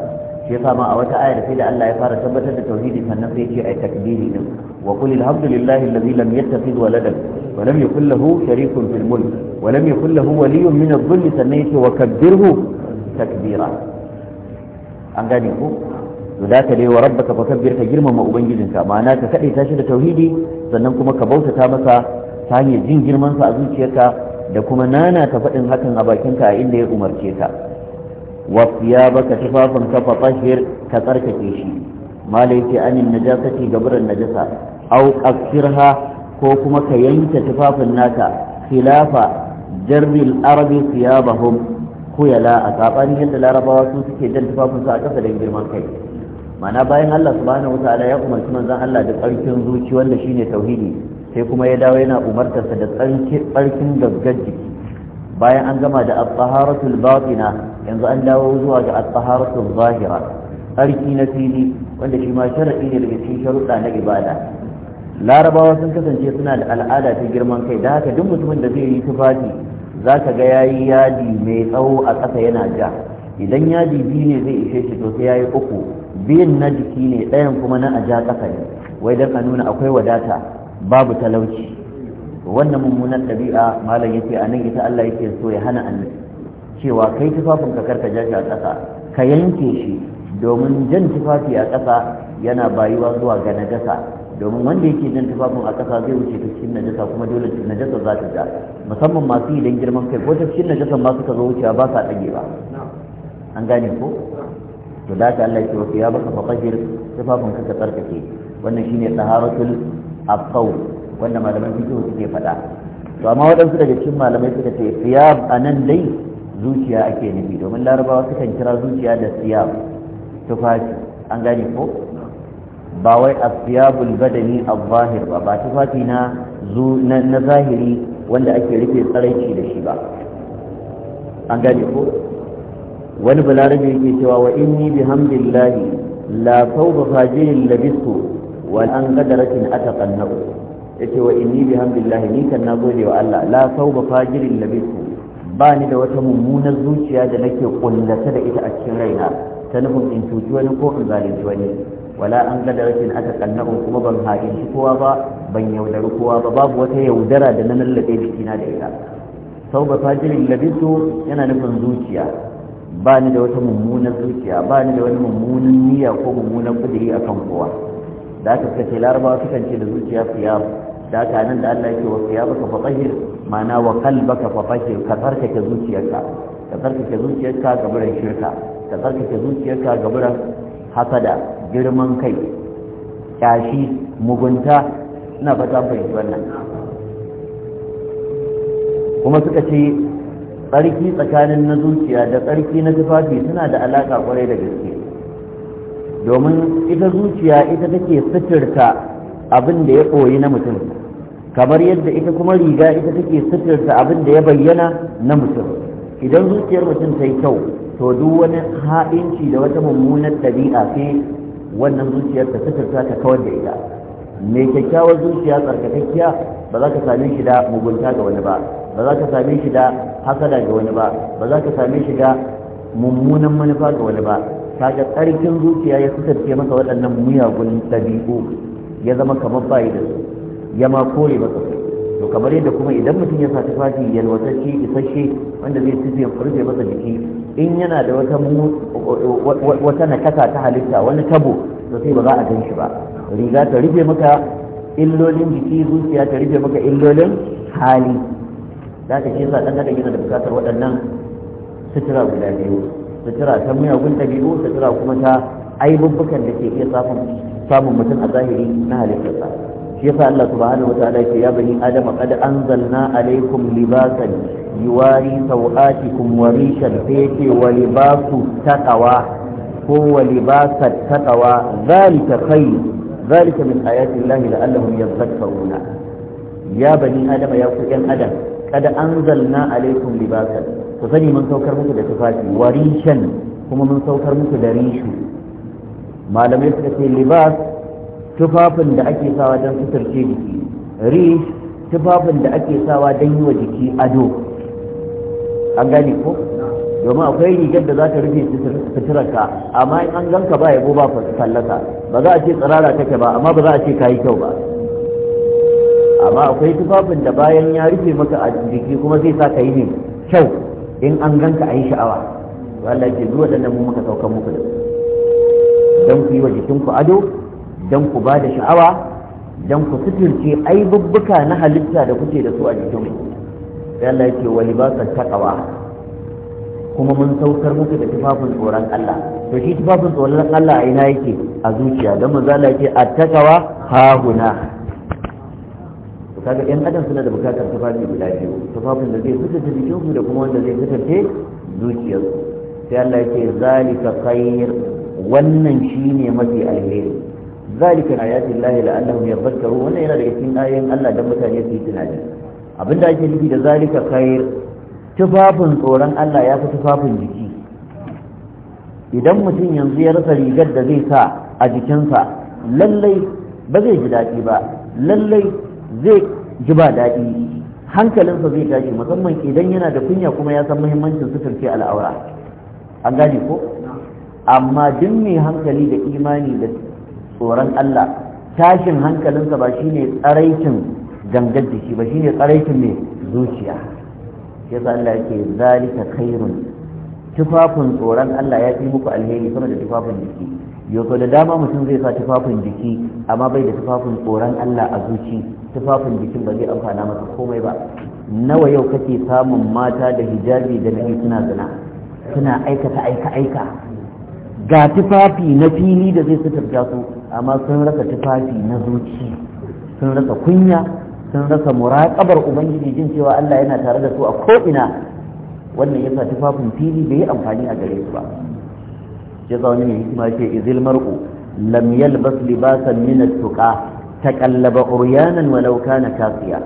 shi yasa ma a wata aya da sai da Allah ya fara tabbatar da tauhidi sannan sai ce ai takbiri din wa qul alhamdulillahi alladhi lam yattakhidh waladan wa lam yakul lahu sharikun fil mulk wa lam yakul lahu waliyyun min adh-dhulli sannan yace wa kabbirhu takbira an gane ku. to da ka dai wa rabbaka fakabbir ka girmama ubangijinka ma'ana ka kaɗe tashi da tauhidi sannan kuma ka bautata masa ta hanyar jin girman sa a zuciyarka da kuma nana ta faɗin hakan a bakinka a inda ya umarce ka wa ka tufafin ka fatahir ka tsarkake shi malai ce anin najasati gaburan najasa au qasirha ko kuma ka yanke tufafin naka khilafa jarril arabi siyabahum kuyala a sabanin yadda larabawa su suke jan tufafinsu a ƙasa da girman kai mana bayan Allah subhanahu wataala ya umarci manzan Allah da tsarkin zuci wanda shine tauhidi sai kuma ya dawo yana umartarsa da tsarkin gaggar bayan an gama da at-taharatul batina yanzu an dawo zuwa ga at-taharatul zahira tsarki na fili wanda shi ma ne daga cikin sharuɗa na ibada larabawa sun kasance suna da al'ada ta girman kai da haka duk mutumin da zai yi tufafi za ka ga yayi yadi mai tsawo a ƙasa yana ja idan yadi biyu ne zai ishe shi to sai yayi uku biyun na jiki ne ɗayan kuma na aja ƙasa ne wai dan a nuna akwai wadata babu talauci wannan mummunan ɗabi'a malam yake a nan ita Allah yake so ya hana annabi cewa kai tufafin ka karka ja a ƙasa ka yanke shi domin jan tufafi a ƙasa yana bayuwa zuwa ga najasa domin wanda yake jan tufafin a ƙasa zai wuce ta cikin najasa kuma dole najasa za ta ja musamman masu idan girman kai ko ta cikin najasa ma suka zo wucewa ba sa ɗage ba an gane ko to da ka Allah ya ce wa ya baka fatahir tufafin ka tsarkake wannan shine taharatul afqaw wanda malaman fiqh suke faɗa to amma waɗansu daga cikin malamai suka ce siyab anan dai zuciya ake nufi domin larabawa suka kira zuciya da siyab tufafi an gane ko ba wai asiyabul badani al-zahir ba ba tufafi na na zahiri wanda ake rufe tsaraici da shi ba an gane ko wani balarabe yake cewa wa inni bi hamdillahi la fawqa fajirin labistu wa an qadaratin ataqannabu yace wa inni bi hamdillahi ni kan gode wa Allah la fawqa fajirin labistu ba ni da wata mummunar zuciya da nake kullata da ita a cikin raina ta nufin in cuci wani ko in zalunci wani wala an qadaratin ataqannabu kuma ban haƙin kowa ba ban yaudari kowa ba babu wata yaudara da na lallabe jikina da ita sau ba fajirin labisu yana nufin zuciya ba ni da wata mummunan zuciya ba ni da wani mummunan niyya ko mummunan kudiri a kan kowa da aka kace ce larabawa sukan ce da zuciya fiya da aka nan da Allah yake wa siya baka fatahir ma'ana wa kalbaka fatahir ka tsarkake zuciyarka ka tsarkake zuciyarka ga buran shirka ka tsarkake zuciyarka ga buran hasada girman kai kyashi mugunta ina fata bai wannan kuma suka ce tsarki tsakanin na zuciya da tsarki na tufafi suna da alaka kwarai da gaske domin ita zuciya ita take suturta abin da ya koyi na mutum kamar yadda ita kuma riga ita take suturta abin da ya bayyana na mutum idan zuciyar mutum ta yi kyau to duk wani ha'inci da wata mummunar ɗabi'a sai wannan zuciyar ta suturta ta kawar da ita mai kyakkyawar zuciya tsarkakakkiya ba za ka same shi da mugunta ga wani ba ba za ka same shi da hasada ga wani ba ba za ka same shi da mummunan manufa ga wani ba kaga tsarkin zuciya ya sutarce masa waɗannan miyagun ɗabi'u ya zama kamar bayi da su ya ma kore masa to kamar yadda kuma idan mutum ya sa tufafi yalwatacce isasshe wanda zai ya rufe masa jiki in yana da wata wata nakasa ta halitta wani tabo to sai ba za a gan shi ba riga ta rufe maka illolin jiki zuciya ta rufe maka illolin hali da ka shi sa ɗan adam gina da bukatar waɗannan sutura guda biyu sutura ta miyagun ɗabi'u sutura kuma ta aibubbukan da ke iya samun samun mutum a zahiri na halittarsa shi yasa Allah subhanahu wa ta'ala ce ya bani adam qad anzalna alaykum libasan yuwari sawatikum wa rishan sai ce wa libasu taqwa ko wa libasa taqwa zalika khayr zalika min ayati llahi la'allahum yadhakkaruna ya bani adam ya ku yan adam kada anzalna alaikum libasan ku sani mun saukar muku da tufafi shan kuma mun saukar muku da rishu malamai suka ce libas tufafin da ake sawa don suturce jiki rish tufafin da ake sawa don yi wa jiki ado an gane ko domin akwai rigar da za ta rufe suturarka amma in an ganka ba yabo ba fallasa ba za a ce tsirara take ba amma ba za a ce kayi kyau ba amma akwai tufafin da bayan ya rufe maka a jiki kuma zai sa ka yi ne kyau in an ganka a yi sha'awa wala ke zuwa da nan muka saukan muku da Don ku yi wa jikinku ado don ku ba da sha'awa don ku suturce aibubbuka na halitta da kuke da su a jikin sai wala ke wani ba libasan takawa kuma mun saukar muku da tufafin tsoron Allah to shi tufafin tsoron Allah a ina yake a zuciya Don mu zala ke a takawa ha huna to kaga ɗan adam suna da bukatar tufafi guda biyu tufafin da zai fitace jikinsu da kuma wanda zai fitar fitace zuciyarsu sai Allah yake zalika khair wannan shine mafi alheri zalika ayatin lahi la'allahum yadhakkaru wannan yana daga cikin ayoyin Allah da mutane su yi tunani abinda ake nufi da zalika khair tufafin tsoron Allah ya fi tufafin jiki idan mutum yanzu ya rasa rigar da zai sa a jikinsa lallai ba zai ji daɗi ba lallai zai ji ba daɗi hankalinsa zai tashi musamman idan yana da kunya kuma ya san muhimmancin suturce al'aura an gane ko amma duk mai hankali da imani da tsoron Allah tashin hankalinsa ba shine tsaraicin gangar jiki ba shine tsaraicin mai zuciya yasa Allah yake zalika khairun tufafin tsoron Allah ya fi muku alheri sama da tufafin jiki yau da dama mutum zai sa tufafin jiki amma bai da tufafin tsoron Allah a zuci tufafin jikin ba zai amfana masa komai ba nawa yau kake samun mata da hijabi da nabi suna zina suna aikata aika aika ga tufafi na fili da zai sutar su amma sun rasa tufafi na zuci sun rasa kunya sun rasa muraƙabar ubangiji jin cewa Allah yana tare da su a ko'ina wannan yasa tufafin fili bai yi amfani a gare su ba sai wani mai hikima ce izil mar'u lam yalbas libasan min at-tuqa taƙallaba ƙuryanan walau kana kafiya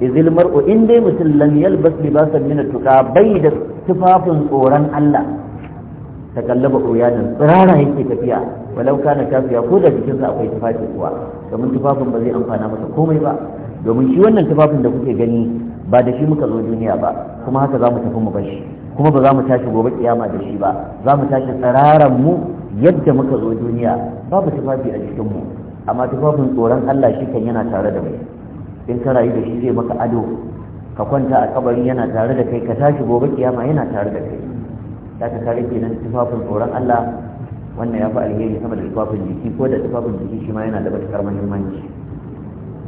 izil mar'u in dai mutum lam yalbas libasan min tuqa bai da tufafin tsoron Allah taƙallaba ƙuryanan tsirara yake tafiya walau kana kafiya ko da jikinsa akwai tufafin kuwa domin tufafin ba zai amfana masa komai ba domin shi wannan tufafin da kuke gani ba da shi muka zo duniya ba kuma haka za mu tafi mu bashi kuma ba za mu tashi gobe kiyama da shi ba za mu tashi tsararan mu yadda muka zo duniya babu tufafi a jikin mu amma tufafin tsoron Allah shi kan yana tare da mai in ka rayu da shi zai maka ado ka kwanta a kabari yana tare da kai ka tashi gobe kiyama yana tare da kai za ka kare kenan tufafin tsoron Allah wannan ya fi alheri sama da tufafin jiki ko da tufafin jiki shi ma yana da matuƙar muhimmanci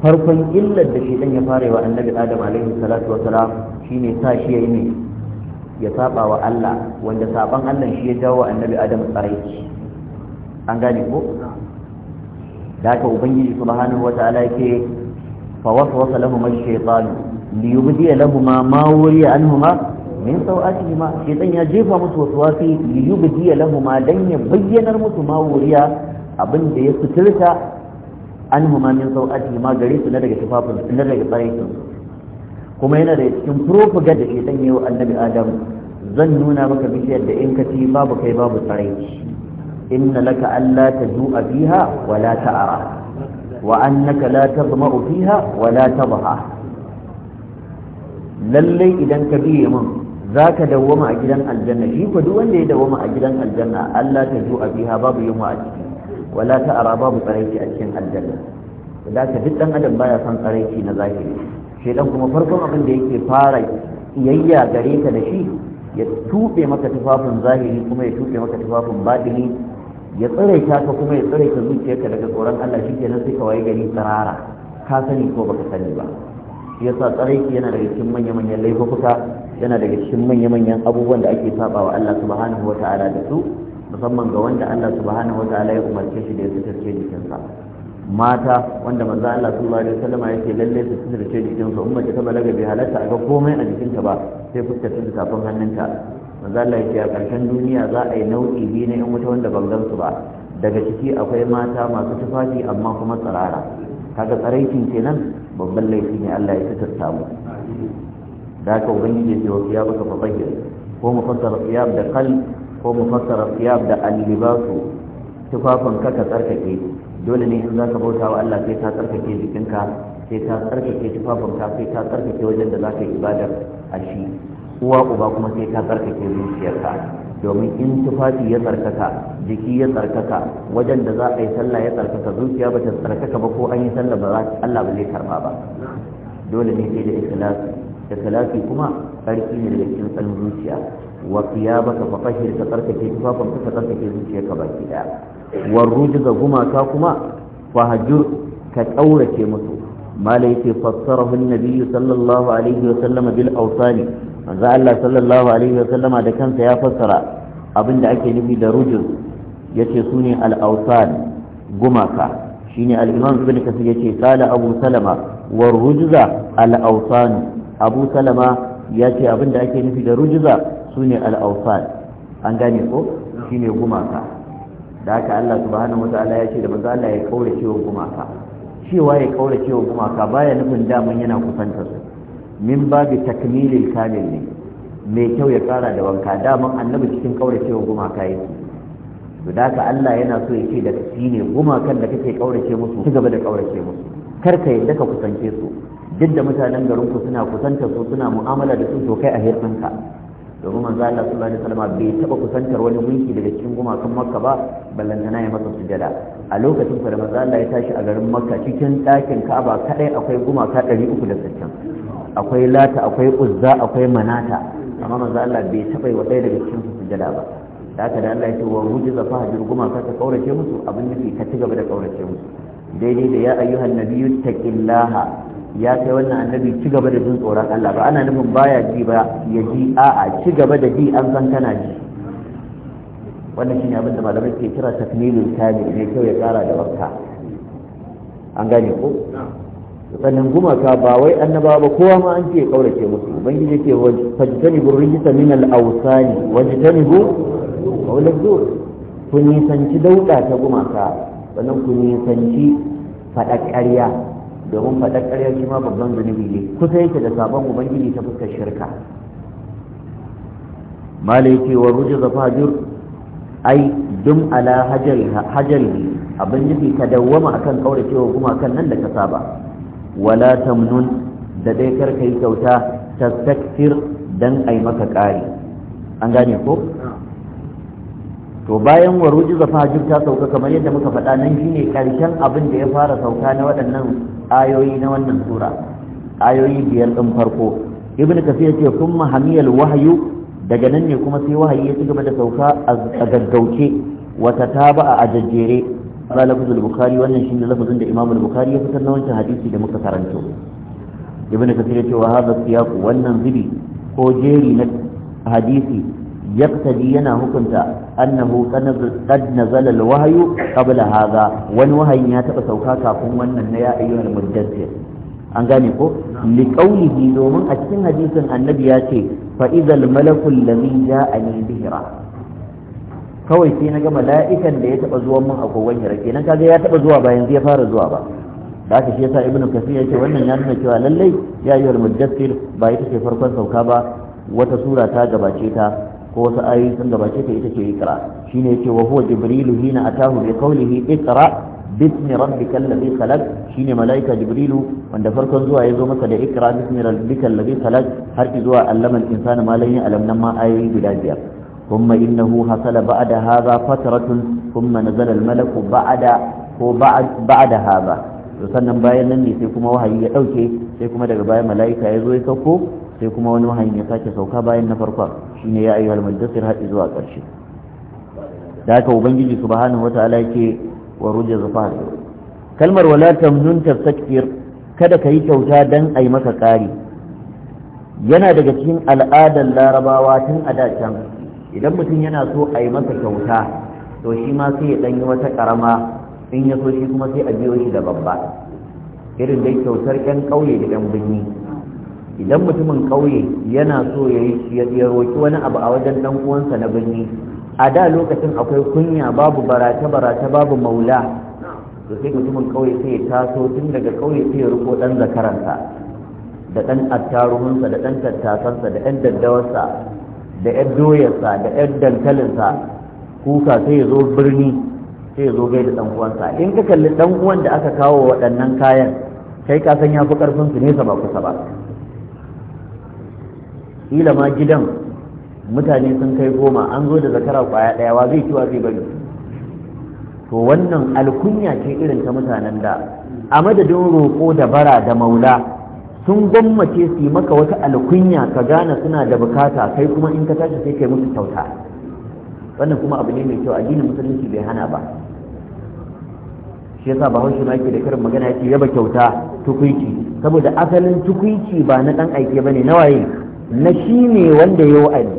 farkon illar da shedan ya fara wa annabi adam alaihi salatu wasalam shine sa shi yayi ne ya saba wa Allah wanda saban Allah shi ya jawo annabi adam tsaraici an gane ko da haka ubangiji subhanahu wataala yake fa waswasa lahum ash-shaytan li yubdi lahum ma wuri anhuma min sawatihima shaytan ya jefa musu waswasi li yubdi lahum dan ya bayyanar musu ma wuriya abin da ya suturta anhuma min sawatihima gare su na daga tufafin na daga tsaraikin kuma yana da cikin furofuga da shaytan yayi wa annabi adam zan nuna maka bishiyar da in ka ci babu kai babu tsaraici inna laka alla taju'a fiha wa ta'ara wa annaka la tazma'u fiha wa idan ka biye mun zaka dawwama a gidan aljanna shi ko duk ya dawwama a gidan aljanna Allah ta biha babu yunwa a ciki wala ta'ara babu tsaraici a cikin aljanna da ka duk dan adam baya son tsaraici na zahiri shedan kuma farko abin da yake fara iyayya gare da shi ya tuɓe maka tufafin zahiri kuma ya tuɓe maka tufafin batini ya tsiraita ka kuma ya tsare ka zuciyarka daga tsoron Allah shi kenan sai ka waye gari tsarara ka sani ko baka sani ba shi yasa ki yana daga cikin manya-manyan laifuka yana daga cikin manya-manyan abubuwan da ake saba wa Allah subhanahu wataala da su musamman ga wanda Allah subhanahu wataala ya umarce shi da ya sutarce jikinsa mata wanda manzo Allah sallallahu alaihi wasallam yake lalle su sutarce jikinsa umma ta balaga bai halatta ga komai a jikinta ba sai fuskar ta tafin hannunta mazala ke a ƙarshen duniya za a yi nau'i biyu na yan wuta wanda ban su ba daga ciki akwai mata masu tufafi amma kuma tsirara kaga tsaraikin kenan babban laifi ne Allah ya fitar samu da haka ubangiji ce wasu ya baka fafahir ko mu fassara siyab da kal ko mu fassara siyab da alibasu tufafin ka ka tsarkake dole ne in ka bauta wa Allah sai ka tsarkake jikinka sai ka tsarkake tufafin ka sai ka tsarkake wajen da za ka yi ibadar a shi uwa uba kuma sai ka tsarkake zuciyarka domin in tufafi ya tsarkaka jiki ya tsarkaka wajen da za a yi sallah ya tsarkaka zuciya ba ta tsarkaka ba ko an yi sallah ba za Allah ba zai karba ba dole ne sai da ikhlasi ikhlasi kuma tsarki ne daga cikin tsarin zuciya wa qiyabaka fa qahir ka tsarkake tufafin ka tsarkake zuciyarka baki daya wa rujza gumaka kuma fa hajur ka kaurace musu malai ce fassarahu annabi sallallahu alaihi wa sallam bil awsani manzo Allah sallallahu alaihi wa sallama da kansa ya fassara abinda ake nufi da rujuz yace sune al-awsan gumaka shine al-imam ibn kasir yace qala abu salama war rujza al-awsan abu salama yace abinda ake nufi da rujza sune al-awsan an gane ko shine gumaka da haka Allah subhanahu wataala ya ce da manzo Allah ya kaura cewa gumaka cewa ya kaura cewa gumaka baya nufin daman yana kusanta su min babi takmilil kamil ne mai kyau ya kara da wanka daman annabi cikin cewa gumaka yake to da ka Allah yana so ya ce da shi ne gumakan da kake kaurace musu ci gaba da kaurace musu kar ka yadda ka kusance su duk da mutanen garin ku suna kusanta su suna mu'amala da su to kai a hirɗinka domin manzo Allah sallallahu alaihi wasallam bai taba kusantar wani mulki daga cikin gumakan Makka ba ballantana ya masa sujada a lokacin da manzo Allah ya tashi a garin Makka cikin dakin Ka'aba kadai akwai gumaka 360 akwai lata akwai uzza akwai manata amma manzo Allah bai taba wa ɗaya daga cikin su sujada ba da haka da Allah ya ce wa wuji zafa hajjin guma ka ta kaurace musu abin da ka ci gaba da kaurace musu daidai da ya ayyuhan nabiyyu taqillaha ya kai wannan annabi ci gaba da jin tsoron Allah ba ana nufin baya ji ba ya ji a'a ci gaba da ji an san kana ji wannan shine abin da malamai ke kira takmilul kamil ne kyau ya kara da wakka an gane ko sannan gumaka ba wai annaba ba kowa ma an ce kaurace musu ubangiji ce fajtani bu rijisa min al awsani wajtani bu qawla zur ku nisanci dauda ta gumaka sannan ku nisanci fada ƙarya domin fada ƙarya shi ma babban zunubi ne kusa yake da sabon ubangiji ta fuskar shirka malai ce wa rujiza fajir ai dum ala hajari abin nufi ka dawwama akan kauracewa gumakan nan da ka saba wala tamnun da dai karka yi kyauta tastakfir dan ai maka ƙari an gane ko to bayan waruji zafa ta sauka kamar yadda muka faɗa nan shine karshen abin da ya fara sauka na waɗannan ayoyi na wannan sura ayoyi biyar ɗin farko ibnu kafir yace kuma hamiyal wahayu. daga nan ne kuma sai wahayi ya ci gaba da sauka a gaggauce wata taba a jajjere ala lafzu al-bukhari wannan shine lafazin da imamu al-bukhari ya fitar na wancan hadisi da muka karanto ibnu kathir ya ce wa hadha siyaq wannan zibi ko jeri na hadisi yaktadi yana hukunta annahu qad nazala alwahyu qabla hadha wani wahayin ya taba sauka kafin wannan na ya ayyuhal muddathir an gane ko li qawlihi domin a cikin hadisin annabi ya ce fa idhal malaku alladhi ja'ani bihira kawai sai na ga mala'ikan da ya taba zuwa mun kowanne rake nan kaga ya taba zuwa ba yanzu ya fara zuwa ba da haka shi yasa ibnu kafi wannan ya nuna cewa lallai ya yi mudaffir ba ita ce farkon sauka ba wata sura ta gabace ta ko wasu ayoyi sun gabace ta ita ce ikra shine yace wa huwa jibrilu hina atahu bi qawlihi ikra bismi rabbikal ladhi khalaq shine malaika jibrilu wanda farkon zuwa ya zo masa da ikra bismi rabbikal ladhi khalaq har zuwa allaman insana ma lan ya'lam ma guda biyar ثم إنه حصل بعد هذا فترة ثم نزل الملك بعد هو بعد بعد هذا sannan bayan nan ne sai kuma wahayi ya dauke sai kuma daga bayan mala'ika ya zo ya sauko sai kuma wani wahayi ya sake sauka bayan na farko shine ya ayyuhal muddathir har zuwa ƙarshe da haka ubangiji subhanahu wataala yake wa rujaz zafar. kalmar wala tamnun tastakbir kada ka yi kyauta don a yi maka ƙari yana daga cikin al'adar larabawa tun a can idan mutum yana so a yi masa kyauta to shi ma sai ya ɗanyi wata ƙarama in ya so shi kuma sai a biyo shi da babba irin dai kyautar 'yan ƙauye da 'yan birni idan mutumin ƙauye yana so ya roki wani abu a wajen ɗan uwansa na birni a da lokacin akwai kunya babu barace barace babu maula to sai mutumin ƙauye sai ya taso tun daga ƙauye sai ya riko ɗan zakaransa da ɗan attaruhunsa da ɗan tattasansa da ɗan daddawarsa da yan doyarsa da yan dankalinsa kuka sai ya zo birni sai ya zo gai da ɗan uwansa in ka kalli ɗan uwan da aka kawo waɗannan kayan kai ka san ya fi karfin su nesa ba kusa ba ila ma gidan mutane sun kai goma an zo da zakara kwaya ɗaya wa zai kiwa zai bari to wannan alkunya ce irin ta mutanen da a madadin roƙo da bara da maula sun gwammace su yi maka wata alkunya ka gane suna da bukata kai kuma in ka tashi sai kai musu kyauta wannan kuma abu ne mai kyau addinin musulunci bai hana ba shi yasa bahaushe ma yake da karin magana yake yaba kyauta tukuici saboda asalin tukuici ba na dan aike ne na waye na shi ne wanda ya wa'adi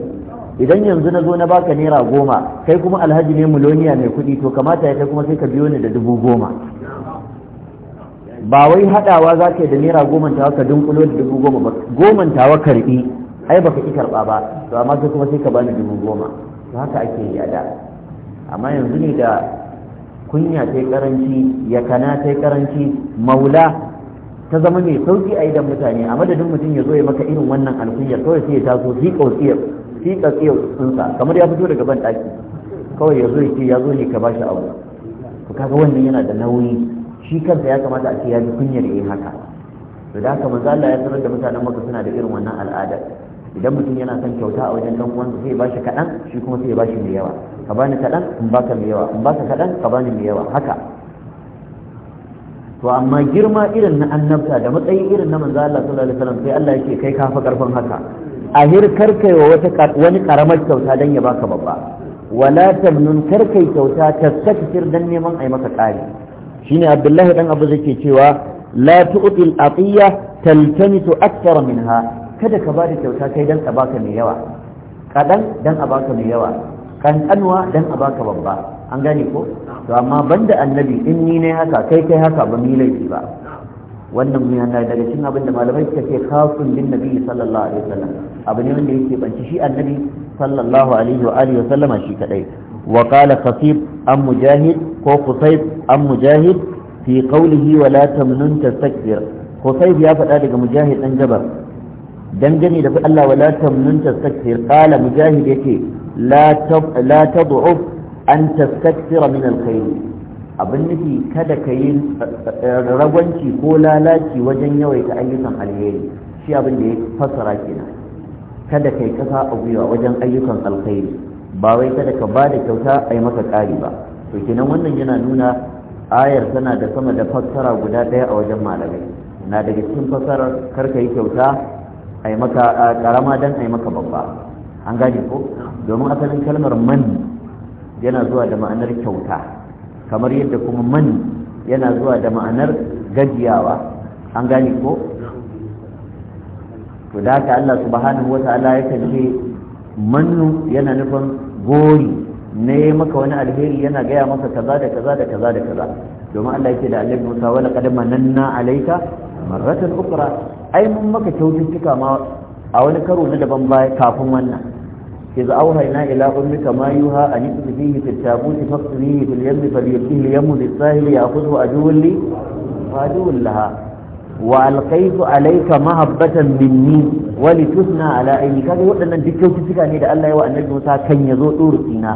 idan yanzu na zo na baka naira goma kai kuma alhaji ne miloniya mai kuɗi to kamata ya kai kuma sai ka biyo ni da dubu goma ba wai haɗawa za ka yi da naira goma ka dunkulo da dubu goma ba goma tawa karɓi ai baka ki karɓa ba to amma sai kuma sai ka bani dubu goma to haka ake yi a da amma yanzu ne da kunya ta yi karanci kana ta yi karanci maula ta zama mai sauki a idan mutane a madadin mutum ya zo ya maka irin wannan alkunya kawai sai ya taso fi kautsiyar fi kamar ya fito daga ban ɗaki kawai ya zo ya ce ya zo ne ka ba shi abu to kaga wannan yana da nauyi shi kansa ya kamata a ce ya ji kunyar yayi haka to da haka manzo Allah ya sanar da mutanen maka suna da irin wannan al'ada idan mutum yana son kyauta a wajen dan uwansa sai ya bashi kaɗan shi kuma sai ya bashi mai yawa ka bani kaɗan in baka mai yawa in baka kaɗan ka bani mai yawa haka to amma girma irin na annabta da matsayi irin na manzo Allah sallallahu alaihi wasallam sai Allah yake kai kafa karfin haka a hirkar wa wata wani karamar kyauta dan ya baka babba wala tamnun karkai kyauta ta sakir dan neman ai maka ƙari. shine abdullahi dan abu zake cewa la tu'til atiya taltamitu akthar minha kada ka da kyauta kai dan a baka mai yawa kadan dan a baka mai yawa kankanwa dan a baka babba an gane ko to amma banda annabi in ni ne haka kai kai haka ba laifi ba wannan mu yana daga cikin abin da malamai suka ce khasun bin nabi sallallahu alaihi wasallam abu ne wanda yake banci shi annabi sallallahu alaihi wa alihi wasallama shi kadai وقال خطيب أم مجاهد هو خطيب أم مجاهد في قوله ولا تمنن تستكبر خطيب يا daga مجاهد أن جبر dangane da Allah wala tamnun tastakfir qala mujahid yake la la tad'uf an tastakfira min alkhair abin nufi kada ka yi ragwanci ko lalaci wajen yawaita ayyukan alheri shi abin da ya fassara kenan kada kai kasa a gwiwa wajen ayyukan alkhairi ba wai kada ka ba da kyauta a yi maka ƙari ba to kenan wannan yana nuna ayar tana da sama da fassara guda ɗaya a wajen malamai na daga cikin fassarar kar ka yi kyauta a yi maka ƙarama don a yi maka babba an gane ko domin asalin kalmar man yana zuwa da ma'anar kyauta kamar yadda kuma man yana zuwa da ma'anar gajiyawa an gane ko to da haka Allah subhanahu ta'ala ya kace mannu yana nufin gori na yi maka wani alheri yana gaya masa kaza da kaza da kaza da kaza domin Allah yake da Annabi Musa wala qad mananna alayka marratan ukra ai mun maka kyaututtuka ma a wani karo na daban baya kafin wannan إذ أوهينا إلى أمك ما يوها أن يكتب فيه في التابوت فاقتنيه في اليم فليبكيه اليم بالساهل يأخذه أجول لي وأجول لها wa alaika alayka mahabbatan minni wa na ala ayni kaga waɗannan duk kyaututtuka ne da Allah ya wa annabi Musa kan ya zo durutsina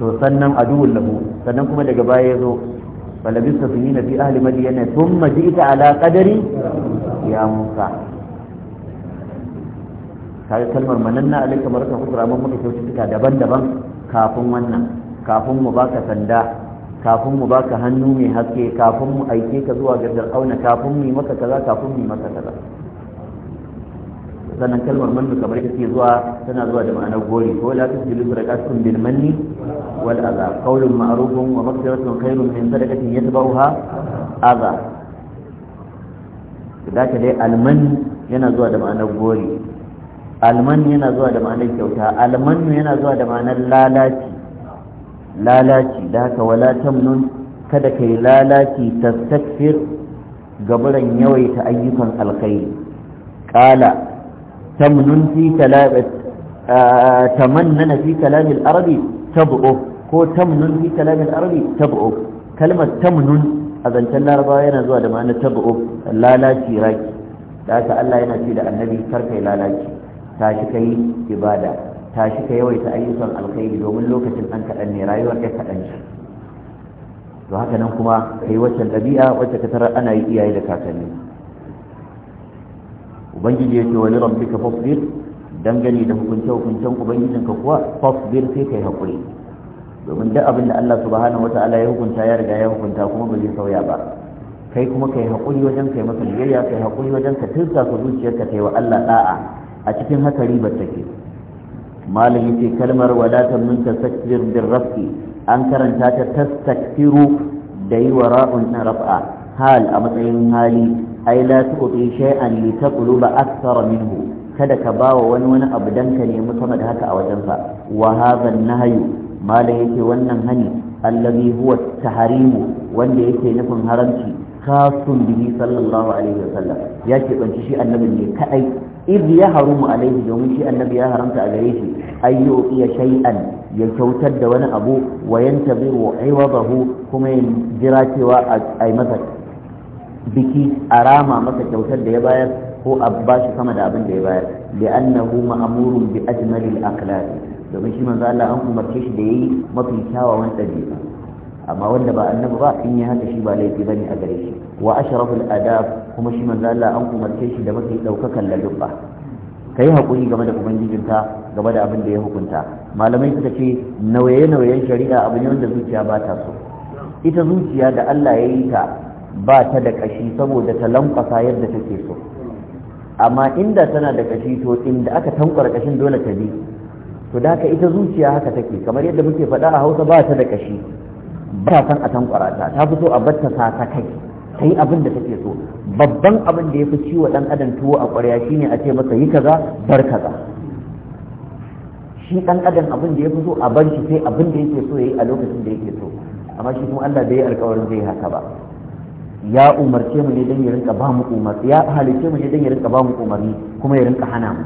to sannan aduwul lahu sannan kuma daga baya ya zo falabista sunina fi ahli madiyana thumma ji'ta ala qadari ya Musa kalmar mananna alayka maratan ukra mun muka kyaututtuka daban-daban kafin wannan kafin mu baka sanda kafin mu baka hannu mai haske kafin mu aike ka zuwa ga fir'auna kafin mu maka kaza kafin mu maka kaza sannan kalmar mannu kamar ita ke zuwa tana zuwa da ma'anar gori ko la tusjilu barakatun bil manni wal adha qawlun ma'rufun wa maghfiratun khairun min sadaqatin yatba'uha adha da dai alman yana zuwa da ma'anar gori alman yana zuwa da ma'anar kyauta alman yana zuwa da ma'anar lalaci lalaci da haka wala tamnun kada kai lalaci tastakfir gaburan yawaita ayyukan alkhairi Kala tamnun fi tamannana fi kalam arabi tab'u ko tamnun fi kalam arabi tab'u kalmar tamnun a zancen larabawa yana zuwa da ma'anar tab'u lalaci raki da haka Allah yana ce da annabi kar kai lalaci tashi kai ibada tashi ka yawaita ayyukan alkhairi domin lokacin ɗan kaɗan ne rayuwar ɗan kaɗan ce to haka nan kuma ka yi waccan ɗabi'a wacce ka tarar ana yi iyaye da kakanni ubangiji ya ce wani ka fasbir dangane da hukunce hukuncen ubangijinka kuwa fasbir sai kai haƙuri domin duk abin da Allah subhanahu wataala ya hukunta ya riga ya hukunta kuma ba zai sauya ba kai kuma kai hakuri wajen kai masa biyayya kai hakuri wajen ka tirsa ka zuciyarka yi wa Allah da'a a cikin haka ribar take malam yace kalmar wala tamnun tastakbir bir rafi an karanta ta tastakfiru da yi wara'un ra'un raf'a hal a matsayin hali ai la tuqi shay'an li taqluba akthara minhu kada ka bawa wani wani abu dan ka nemi sama da haka a wajensa wa hadha nahyu malam yace wannan hani allazi huwa taharimu wanda yake nufin haramci khasun bihi sallallahu alaihi wasallam ya ke banci shi annabi ne kadai idh ya harumu alaihi domin shi annabi ya haramta a gare shi ayyo ya shay'an ya kyautar da wani abu wa yantabiru aiwadahu kuma ya jira cewa a masa biki a rama masa kyautar da ya bayar ko a bashi sama da abin da ya bayar li'annahu ma'murun bi ajmalil akhlaq domin shi manzo Allah an umarce shi da yayi mafi kyawawan dabi'a amma wanda ba annabi ba in ya haka shi ba laifi bane a gare shi wa ashraful adab kuma shi manzo Allah an umarce shi da mafi daukakan ladubba kai hakuri game da ubangijinka game da abin da ya hukunta malamai suka ce nauye nauyen shari'a abu ne wanda zuciya ba ta so ita zuciya da Allah ya yi ta ba ta da kashi saboda ta lankwasa yadda take so amma inda tana da kashi to inda aka tankwara kashin dole ta bi to da ita zuciya haka take kamar yadda muke faɗa a Hausa ba ta da kashi ba san a tankwara ta ta fi so a batta sa ta kai ka yi abin da kake so babban abin da ya fi ciwo ɗan adam tuwo a ƙwarya shine a ce masa yi kaza bar kaza shi ɗan adam abin da ya fi so a bar shi sai abin da yake so ya yi a lokacin da yake so amma shi kuma Allah bai alƙawarin zai haka ba ya umarce mu ne don ya rinka ba mu umarni ya halice mu ne don ya rinka ba mu umarni kuma ya rinka hana mu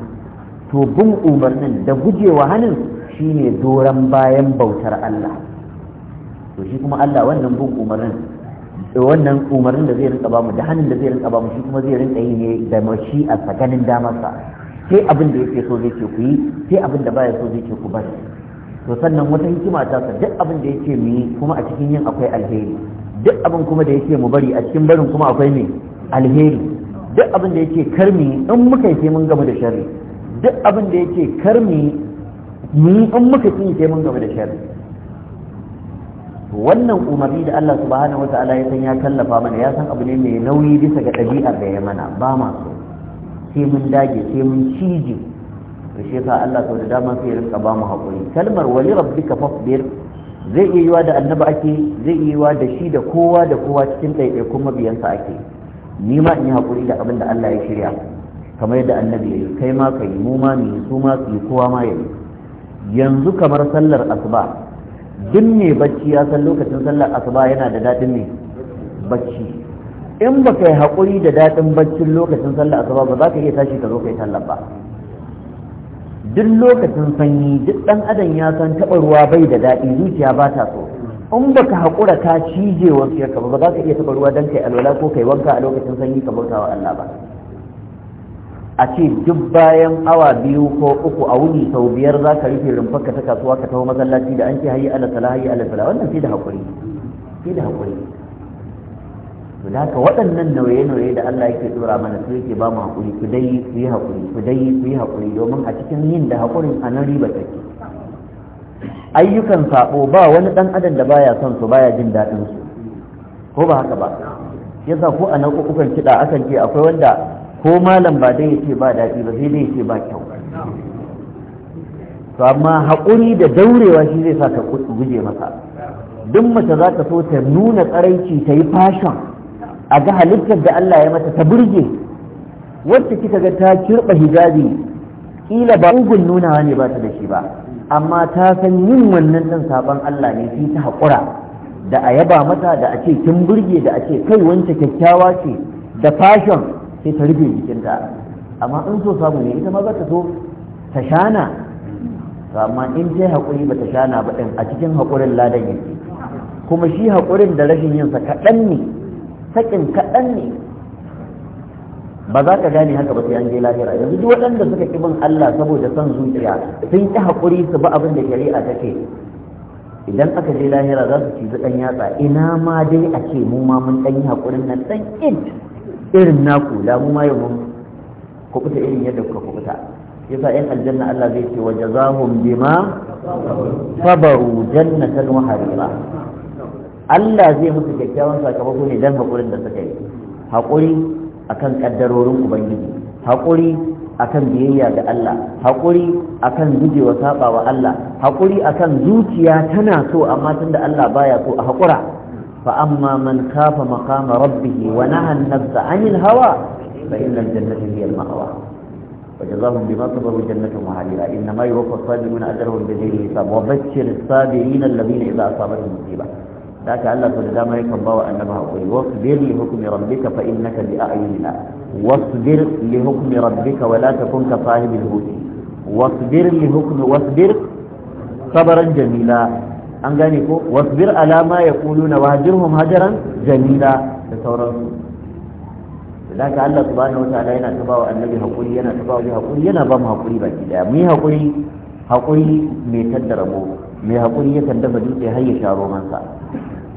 to bin umarnin da gujewa hanin shine doran bayan bautar Allah to shi kuma Allah wannan bin umarnin wannan umarnin da zai rinka bamu da hannun da zai rinka bamu shi kuma zai rinka yi ne da mashi a tsakanin damarsa sai abin da yake so zai ce ku yi sai abin da baya so zai ce ku bari to sannan wata hikima ta sa duk abin da yake mu yi kuma a cikin yin akwai alheri duk abin kuma da yake mu bari a cikin barin kuma akwai ne alheri duk abin da yake kar mu yi in muka yi mun gama da sharri duk abin da yake kar mu yi in muka yi mun gama da sharri wannan umarni da Allah subhanahu wata'ala ya san ya kallafa mana ya san abu ne mai nauyi bisa ga ɗabi'ar da ya mana ba ma so sai mun dage sai mun cije to shi yasa Allah sau da dama sai ya rinka ba mu haƙuri kalmar wali rabbika fasbir zai iya yiwa da annabi ake zai iya yiwa da shi da kowa da kowa cikin ɗaiɗaikun mabiyansa ake ni ma in yi haƙuri da abin da Allah ya shirya kamar yadda annabi ya yi kai ma ka yi mu ma mu yi su ma su yi kowa ma ya yi yanzu kamar sallar asuba duk mai bacci ya san lokacin sallar asuba yana da daɗin ne bacci in ba ka yi haƙuri da daɗin baccin lokacin sallar asuba ba za ka iya tashi ka zo ka yi sallar ba duk lokacin sanyi duk ɗan adam ya san taɓa ruwa bai da daɗi zuciya ba ta so in ba ka haƙura ka cije wasu ka ba za ka iya taɓa ruwa don ka yi alwala ko ka yi wanka a lokacin sanyi ka bauta wa Allah ba a ce duk bayan awa biyu ko uku a wuni sau biyar za ka rufe ka ta kasuwa ka taho masallaci da an ce hayi ala sala hayi ala sala wannan sai da hakuri sai da hakuri to ka waɗannan nauye-nauye da Allah yake dora mana su yake ba mu hakuri ku dai ku yi hakuri ku dai ku yi hakuri domin a cikin yin da hakurin a nan riba take ayyukan sabo ba wani dan adam da baya son su baya jin daɗin su ko ba haka ba yasa ko a nan kukan kiɗa akan ce akwai wanda ko malam ba dai yace ba daɗi ba sai dai yace ba kyau to amma haƙuri da daurewa shi zai sa ka guje masa duk mace za ta so ta nuna tsaraici ta yi fashon a ga halittar da Allah ya mata ta burge wacce kika ga ta kirɓa hijabi kila ba ugun nunawa ne ba ta da shi ba amma ta san yin wannan ɗan sabon Allah ne sai ta haƙura da a yaba mata da a ce kin burge da a ce kai wance kyakkyawa ce da fashon sai ta rufe jikinta amma in so samu ne ita ma za ta so ta shana amma in ta haƙuri ba ta shana ba ɗin a cikin haƙurin ladan yake kuma shi haƙurin da rashin yinsa kaɗan ne saƙin kaɗan ne ba za ka gane haka ba sai an je lahira yanzu duk waɗanda suka ƙi bin Allah saboda son zuciya sun ƙi haƙuri su ba abin da shari'a take idan aka je lahira za su ci ɗan yatsa ina ma dai a ce mu ma mun ɗan yi haƙurin nan ɗan ƙin irin naku la mu ma yamun kubuta irin yadda kuka kubuta yasa yan aljanna Allah zai ce wa jazahum bima sabaru jannatan wa harira Allah zai musu kyakkyawan sakamako ne dan hakurin da suka yi hakuri akan kaddarorin ubangiji hakuri akan biyayya ga Allah hakuri akan gujewa saba Allah hakuri akan zuciya tana so amma tunda Allah baya so a hakura فأما من خاف مقام ربه ونهى النفس عن الهوى فإن الجنة هي المأوى وجزاهم بما صبروا جنة وحريرا إنما يوفى الصابرون أجرهم بغير حساب وبشر الصابرين الذين إذا أصابتهم مصيبة ذاك الله تعالى ما يكبر وأنما أقول واصبر لحكم ربك فإنك بأعيننا واصبر لحكم ربك ولا تكن كصاحب الهوت واصبر لحكم واصبر صبرا جميلا an gane ko wasbir alama ya kulu na wajirhum hajaran jamila da sauransu da ka Allah subhanahu wataala yana ta bawa annabi hakuri yana ta bawa hakuri yana ba mu hakuri baki daya mu yi hakuri hakuri mai tattara mu mai hakuri ya tanda ba dutse har ya sharo mansa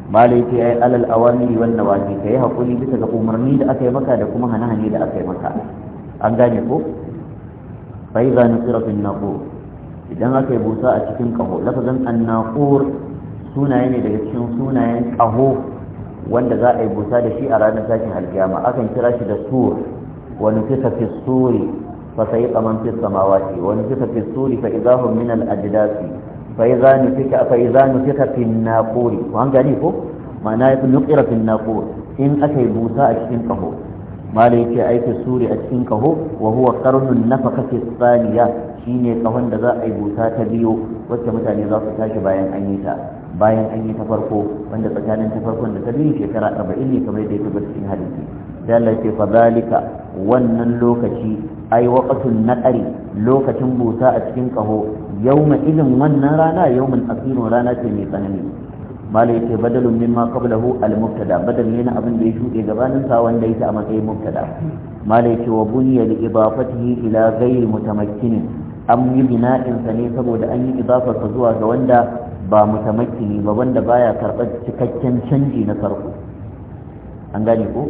malai ce yi alal awamiri wan nawahi kai hakuri bisa ga umarni da aka yi maka da kuma hane-hane da aka yi maka an gane ko na tsira sun naqur idan aka yi busa a cikin ƙaho lafazin annaqur sunaye ne daga cikin sunayen ƙaho wanda za a yi busa da shi a ranar tashin alkiyama akan kira shi da sur wani nufika fi suri fa sai tsaman fi samawati wa nufika fi suri fa idahum min al fa idza nufika fa idza nufika fi naquri ko an gani ko ma'ana ya nufira fi naqur in aka yi busa a cikin ƙaho malai yake aiki suri a cikin ƙaho wa huwa qarnun nafaka fi tsaniya. ne kahon da za a yi busa ta biyo wacce mutane za su tashi bayan an yi ta bayan an yi ta farko wanda tsakanin ta farkon da ta biyu shekara arba'in ne kamar yadda ya tabbata cikin hadisi sai Allah ce wannan lokaci ai waqtun naqari lokacin busa a cikin kaho yawma idin wannan rana yawmin asiru rana ce mai tsanani mala yace badalun mimma qablahu al mubtada badal ne na abin da ya shuɗe gabanin sa wanda yake a matsayin mubtada mala yace wa buniya li idafatihi ila ghairi mutamakkinin an yi bina'insa ne saboda an yi idafarsa zuwa ga wanda ba mutamakkini ba wanda baya karɓar cikakken canji na farko an gane ko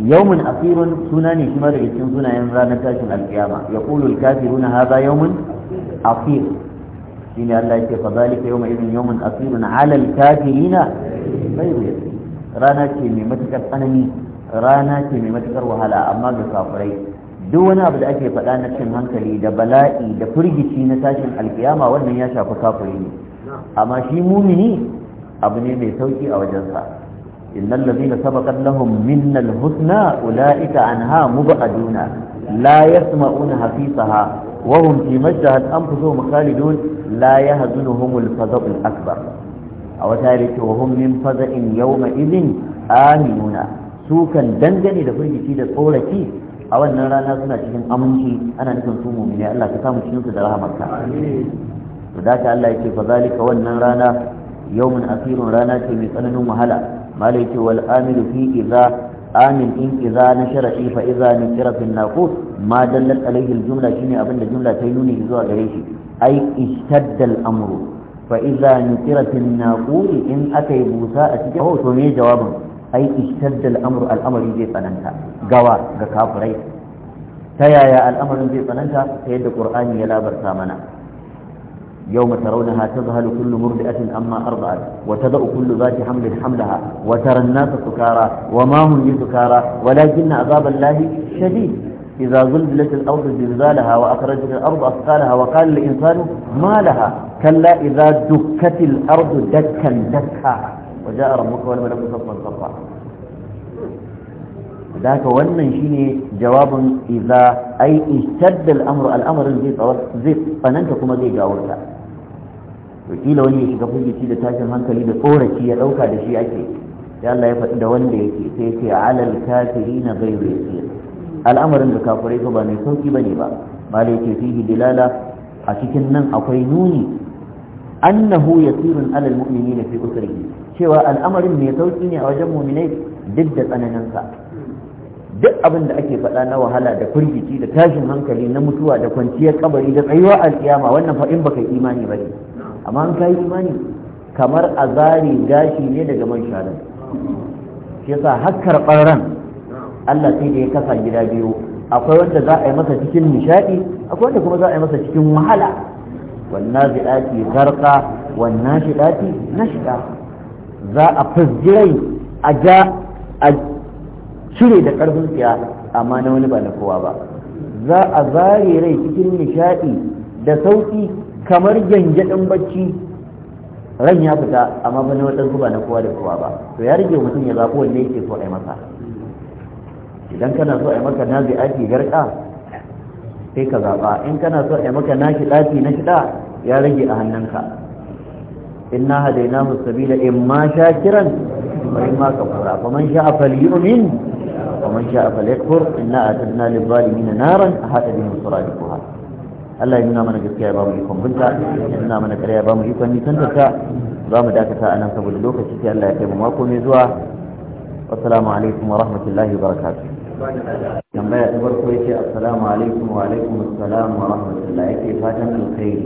yawmun asirin suna ne shi daga cikin sunayen ranar tashin alƙiyama ya kulul na haza yawmun asir shine Allah yake fa zalika yawma idin yawmun asirun ala alkafirina ghayru yasir rana ce mai matukar tsanani rana ce mai matukar wahala amma ga kafirai duk wani abu da ake faɗa na cin hankali da bala'i da firgici na tashin alkiyama wannan ya shafi kafiri ne amma shi mumini abu ne mai sauki a wajensa innal ladina sabaqat lahum minnal husna ulaika anha mubaduna la yasma'una hafisaha wa hum fi majdahat anfusuhum khalidun la yahzunuhum al faza'ul akbar a wata wa hum min faza'in yawma idhin aminuna su kan dangane da firgici da tsoraki a wannan rana suna cikin aminci ana nufin su mu'mini Allah ka samu cikin su da rahamarka to da ta Allah ce fa zalika wannan rana yawmun asirun rana ce mai tsananin wahala malai ce wal amilu fi idza amin in idza nashara shi fa idza nashara fi ma dallat alayhi al jumla shine abinda jumla ta nuni zuwa gare shi ai ishtadda amru fa idza nashara fi naqut in akai busa a cikin oh, to me jawabin ai ishtadda al'amru al'amari zai tsananta gawa ga kafirai ta yaya al'amarin zai tsananta ta yadda qur'ani ya labarta mana يوم ترونها تذهل كل مرضئة أما أرضعت وتدأ كل ذات حمل حملها وترى الناس سكارى وما هم بسكارى ولكن عذاب الله شديد إذا زلزلت الأرض زلزالها وأخرجت الأرض أثقالها وقال الإنسان ما لها كلا إذا دكت الأرض دكا دكا وجاء ربك والملك صفا صفا ذاك wannan shine jawabin idza ai ishtadda al-amru al-amru zai tsawar zai tsananta kuma zai gawarta wakila wani ya shiga fujici da tashin hankali da tsoraci ya dauka da shi ake sai Allah ya faɗi da wanda yake sai ce alal kafirina ghayru yasir al'amarin da kafirai ba mai sauki bane ba malai ke fihi dilala a cikin nan akwai nuni annahu yasirun alal mu'minina fi usrihi cewa al'amarin mai sauki ne a wajen mu'minai duk da tsananin sa duk abin da ake faɗa na wahala da firgici da tashin hankali na mutuwa da kwanciyar kabari da tsayuwa alkiyama wannan fa baka baka imani ba ne amma an kai imani kamar a zari gashi ne daga man sharan shi yasa har karɓar ran Allah sai da ya kasa gida biyu akwai wanda za a yi masa cikin nishaɗi akwai wanda kuma za a yi masa cikin wahala والنازلات غرقا والناشدات نشدا za a fizgirai a ja a cire da ƙarfin tsiya amma na wani ba na kowa ba za a zare rai cikin nishaɗi da sauƙi kamar gyangyaɗin bacci ran ya fita amma ba na waɗansu ba na kowa da kowa ba to ya rage mutum ya zaɓi wanda yake so a yi masa idan kana so a yi na nazi ake garka sai ka zaɓa in kana so a maka na kiɗa na shida ya rage a hannunka in inna hadaina musabila in ma sha kiran wa in ma kafara fa man sha'a falyu'min wa man sha'a falyakfur inna atadna lil zalimin naran ahata bihim suradiquha Allah ya nuna mana gaskiya ba mu ikon binta ya nuna mana ƙarya ba mu ikon nisantar ta za mu dakata a nan saboda lokaci sai Allah ya kai mu mako mai zuwa wassalamu alaikum wa rahmatullahi wa barakatuh tambaya ta farko yake assalamu alaikum wa alaikum assalam wa rahmatullahi yake fatan alkhairi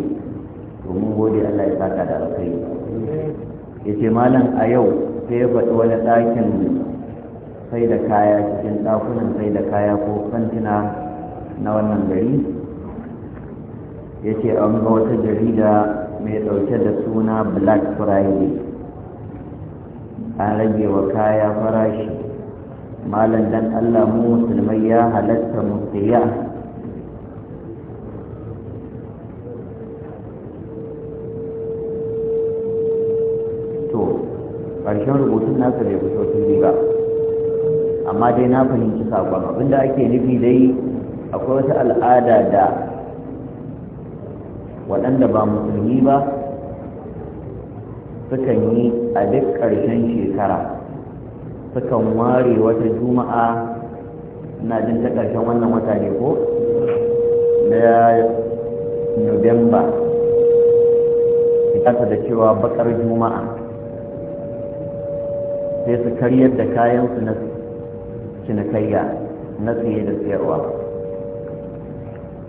to mun gode Allah ya saka da alkhairi yace malam a yau sai ya faɗi wani ɗakin sai da kaya cikin ɗakunan sai da kaya ko kantina na wannan gari yace an ga wata jarida mai ɗauke da suna black friday an rage wa kaya farashi malam dan Allah mu musulmai ya halatta mu to ƙarshen rubutun nasa bai fito fili ba amma dai na fahimci sakon abinda ake nufi dai akwai wata al'ada da waɗanda ba musulmi ba sukan yi a duk ƙarshen shekara sukan ware wata juma'a na jin ta ƙarshen wannan wata ne ko da nobamba ta da cewa bakar juma'a sai su karyar da kayansu na cinikayya na tsaye da tsayarwa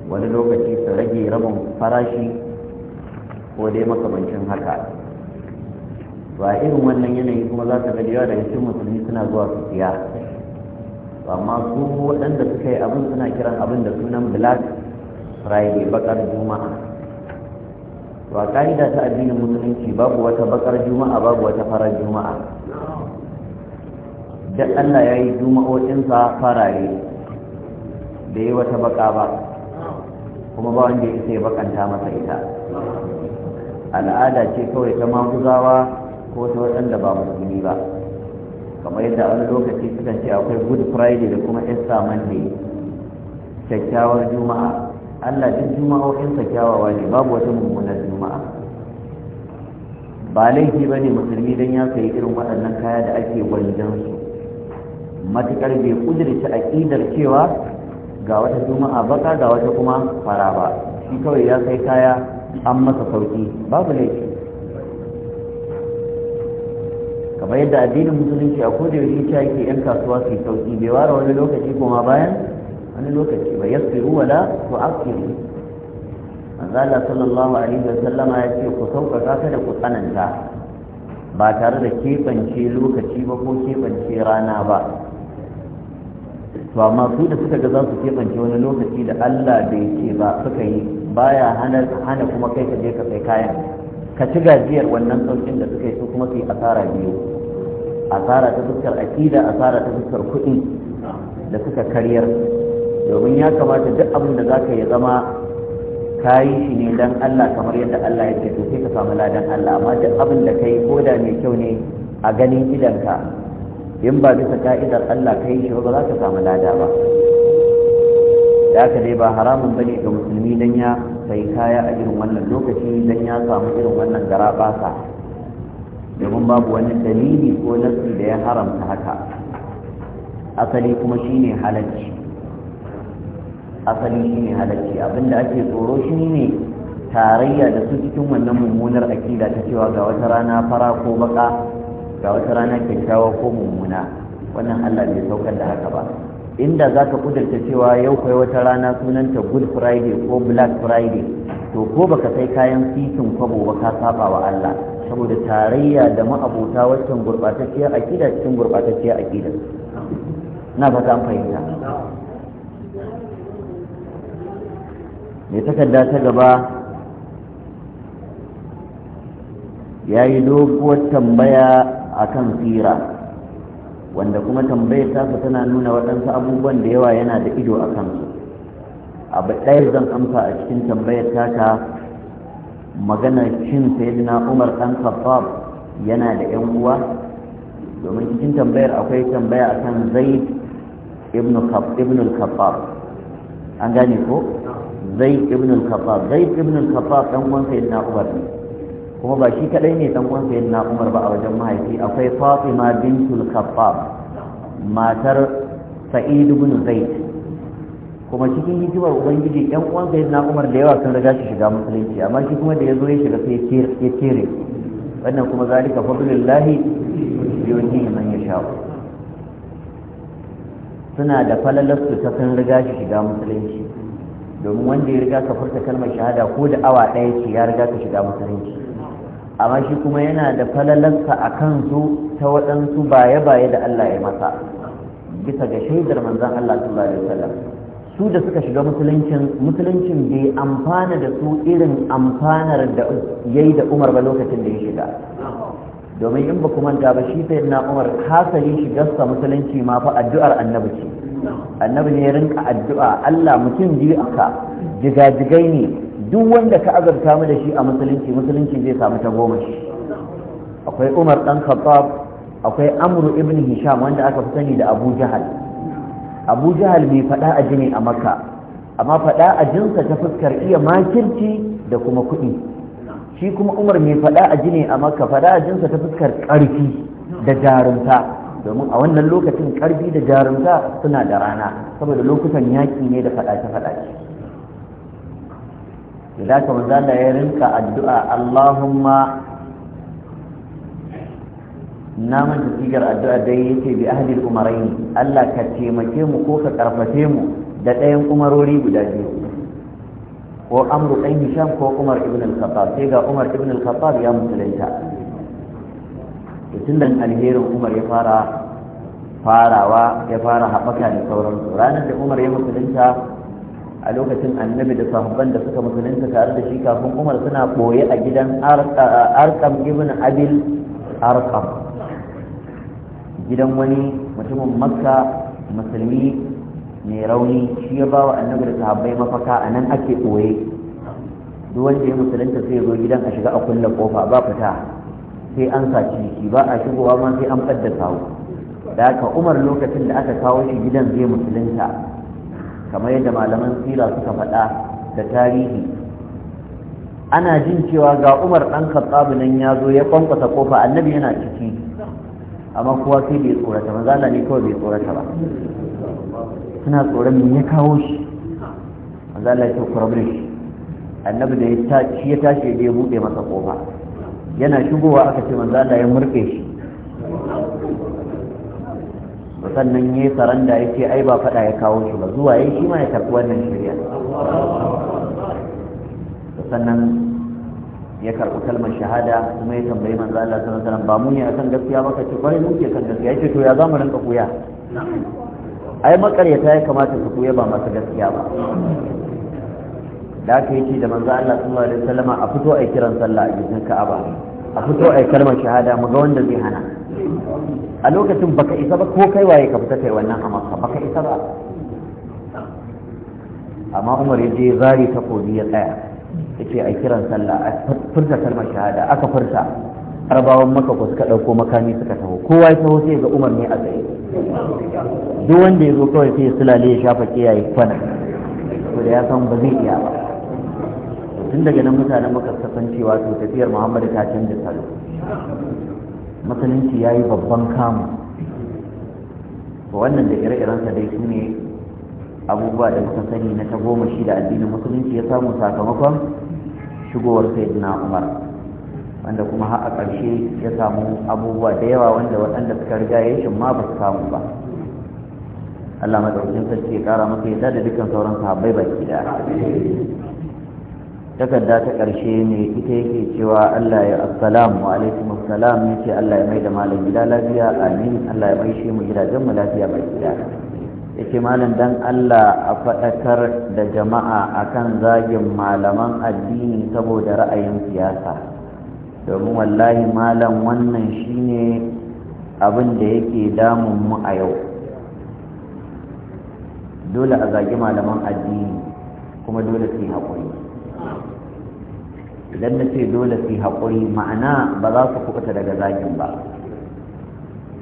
wani lokaci su rage rabin farashi ko dai makamancin haka ba irin wannan yanayi kuma za ka ga yawa daga cikin musulmi suna zuwa su siya amma su waɗanda suka yi abin suna kiran abin da sunan black friday bakar juma'a ba ka'ida ta addinin musulunci babu wata bakar juma'a babu wata farar juma'a da allah ya yi juma'o'insa farare da yi wata baka ba kuma ba wanda ya isa ya bakanta masa ita al'ada ce kawai ta maguzawa ko ta waɗanda ba musulmi ba kamar yadda wani lokaci sukan ce akwai good friday da kuma easter monday kyakkyawar juma'a allah duk juma'o'insa kyawawa ne babu wata mummunar juma'a ba laifi ba ne musulmi don ya sayi irin waɗannan kaya da ake su matuƙar bai ƙudurci aƙidar cewa ga wata juma'a baka ga wata kuma fara ba shi kawai ya sai kaya an masa sauki babu laifi kamar yadda addinin musulunci a koda yaushe ta yake yan kasuwa su sauki bai ware wani lokaci kuma bayan wani lokaci ba yasfiru wala tu'aqiru manzala sallallahu alaihi wa sallama ya ce ku sauƙaƙa kada ku tsananta ba tare da keɓance lokaci ba ko keɓance rana ba to amma su da suka ga za su keɓance wani lokaci da Allah bai ce ba suka yi baya hana hana kuma kai ka je ka kai kayan ka ci gajiyar wannan saukin da suka yi su kuma su yi asara biyu asara ta fuskar akida asara ta fuskar kuɗi da suka karyar domin ya kamata duk abin da zaka ya zama ka yi shi ne don Allah kamar yadda Allah ya ce to sai ka samu ladan Allah amma duk abin da kai ko da mai kyau ne a ganin idanka in ba bisa ka'idar Allah ka yi shi ba za ka samu lada ba da dai ba haramun bane ga musulmi don ya sai kaya a irin wannan lokaci don ya samu irin wannan garabasa domin babu wani dalili ko nasi da ya haramta haka asali kuma shine halacci asali shine halacci abinda ake tsoro shine tarayya da su cikin wannan mummunar akida ta cewa ga wata rana fara ko baka ga wata rana kyakkyawa ko mummuna wannan Allah bai saukar da haka ba inda za ka kudurta cewa yau kai wata rana sunanta good friday ko black friday to ko baka sai kayan fitin kwabo ba ka saba wa Allah saboda tarayya da ma'abuta waccan gurɓatacciyar aƙida cikin gurɓatacciyar aƙida na fata an fahimta mai takarda ta gaba ya yi doguwar tambaya a kan fira wanda kuma tambayar tasa tana nuna waɗansu abubuwan da yawa yana da ido a kansu abu ɗaya zan amsa a cikin tambayar taka maganar cin sayyidina umar dan khattab yana da yan uwa domin cikin tambayar akwai tambaya akan zaid ibn al-khattab an gane ko zaid ibn al-khattab zaid ibn al-khattab dan uwan sayyidina umar ne kuma ba shi kadai ne dan uwan sayyidina umar ba a wajen mahaifi akwai fatima bintul khattab matar sa'id ibn zaid kuma cikin hikimar ubangiji yan uwan sai na umar da yawa sun riga shi shiga musulunci amma shi kuma da ya zo ya shiga sai ya tere wannan kuma zalika fadlullahi yuti man yasha suna da su ta sun riga shi shiga musulunci domin wanda ya riga ka furta kalmar shahada ko da awa ɗaya ce ya riga ka shiga musulunci amma shi kuma yana da falalarsa a kansu ta waɗansu baya-baya da Allah ya masa bisa ga shaidar manzan Allah sallallahu alaihi wasallam su da suka shiga musuluncin musuluncin bai amfana da su irin amfanar da yayi da Umar ba lokacin da ya shiga domin in ba ku manta ba shi sai na Umar hasali shigarsa musulunci ma fa addu'ar annabi ce annabi ne ya rinka addu'a Allah mutum biyu aka jigajigai ne duk wanda ka azurta mu da shi a musulunci musulunci zai samu ta goma shi akwai Umar dan Khattab akwai amru ibn Hisham wanda aka fi sani da Abu Jahal abu jahal mai fada a jini a makka amma fada a ta fuskar iya makirci da kuma kuɗi shi kuma umar mai faɗa a a makka faɗa a ta fuskar ƙarfi da jarumta domin a wannan lokacin karfi da jarumta suna da rana saboda lokutan yaƙi ne da faɗace-faɗace da ka manzo Allah ya rinka addu'a Allahumma na manta sigar addu'a dai yake bi ahli al Allah ka taimake mu ko ka karfafe mu da ɗayan umarori guda biyu ko amru ɗan hisham ko umar ibn al-khattab sai ga umar ibn al-khattab ya musulunta tun nan alherin umar ya fara farawa ya fara haɓaka da sauransu ranar da umar ya musulunta a lokacin annabi da sahabban da suka musulunta tare da shi kafin umar suna ɓoye a gidan arkam ibn abil arkam gidan wani mutumin makka musulmi mai rauni shi ya bawa annabi da sahabbai mafaka a nan ake ɓoye duk wanda ya musulunta sai ya zo gidan a shiga a kulle kofa ba fita sai an saci ciki, ba a shigowa ma sai an fadda kawo da haka umar lokacin da aka kawo shi gidan zai musulunta kamar yadda malaman sira suka faɗa da tarihi ana jin cewa ga umar ɗan khattabu nan ya zo ya kwankwasa kofa annabi yana ciki amma kowa sai bai tsorata maza Allah ne kawai bai tsorata ba suna tsoron me ya kawo shi maza Allah ya kawo problem shi annabi da ya tashi ya je buɗe masa kofa yana shigowa aka ce maza Allah ya murƙe shi sannan ya yi saranda ya ce ai ba faɗa ya kawo shi ba zuwa ya shi ma ya tafi wannan shirya sannan ya karɓi kalmar shahada kuma ya tambayi manzo Allah sallallahu alaihi wasallam ba mu ne akan gaskiya ba kace kwarai mu ke kan gaskiya yace to ya zamu rinka koya ai makaryata ya kamata su koya ba masu gaskiya ba da ka yi da manzo Allah sallallahu alaihi wasallam a fito ai kiran sallah a jikin Ka'aba a fito ai kalmar shahada mu ga wanda zai hana a lokacin baka isa ba ko kai waye ka fita kai wannan amsa baka isa ba amma Umar ya je zari takobi ya tsaya yace a kiran sallah a furta kalmar shahada aka furta arabawan maka ko suka dauko makami suka taho kowa ya taho sai ga umar ne a tsaye duk wanda ya zo kawai sai ya sulale ya shafa kiyaye kwana to da ya san ba zai iya ba tun daga nan mutanen maka san cewa to tafiyar muhammadu ta canza salo musulunci ya yi babban kamu wannan da ire-irensa dai su ne abubuwa da suka sani na ta goma shi da addinin musulunci ya samu sakamakon shigowar sayyidina umar wanda kuma har a ƙarshe ya samu abubuwa da yawa wanda waɗanda suka riga ya shi ma ba su samu ba Allah madaukakin sarki ya ƙara masa yadda da dukkan sauran sahabbai baki da takarda ta ƙarshe ne ita yake cewa Allah ya assalamu alaikum assalam yace Allah ya mai da malam gida lafiya amin Allah ya mai shi mu gidajen mu lafiya baki da ikimanin dan Allah a faɗakar da jama'a a kan zagin malaman addini saboda ra'ayin siyasa domin wallahi malam wannan shine abin da yake damun mu a yau dole a zagi malaman addini kuma dole su yi haƙuri idan na ce dole su yi haƙuri ma'ana ba za su kuɓuta daga zagin ba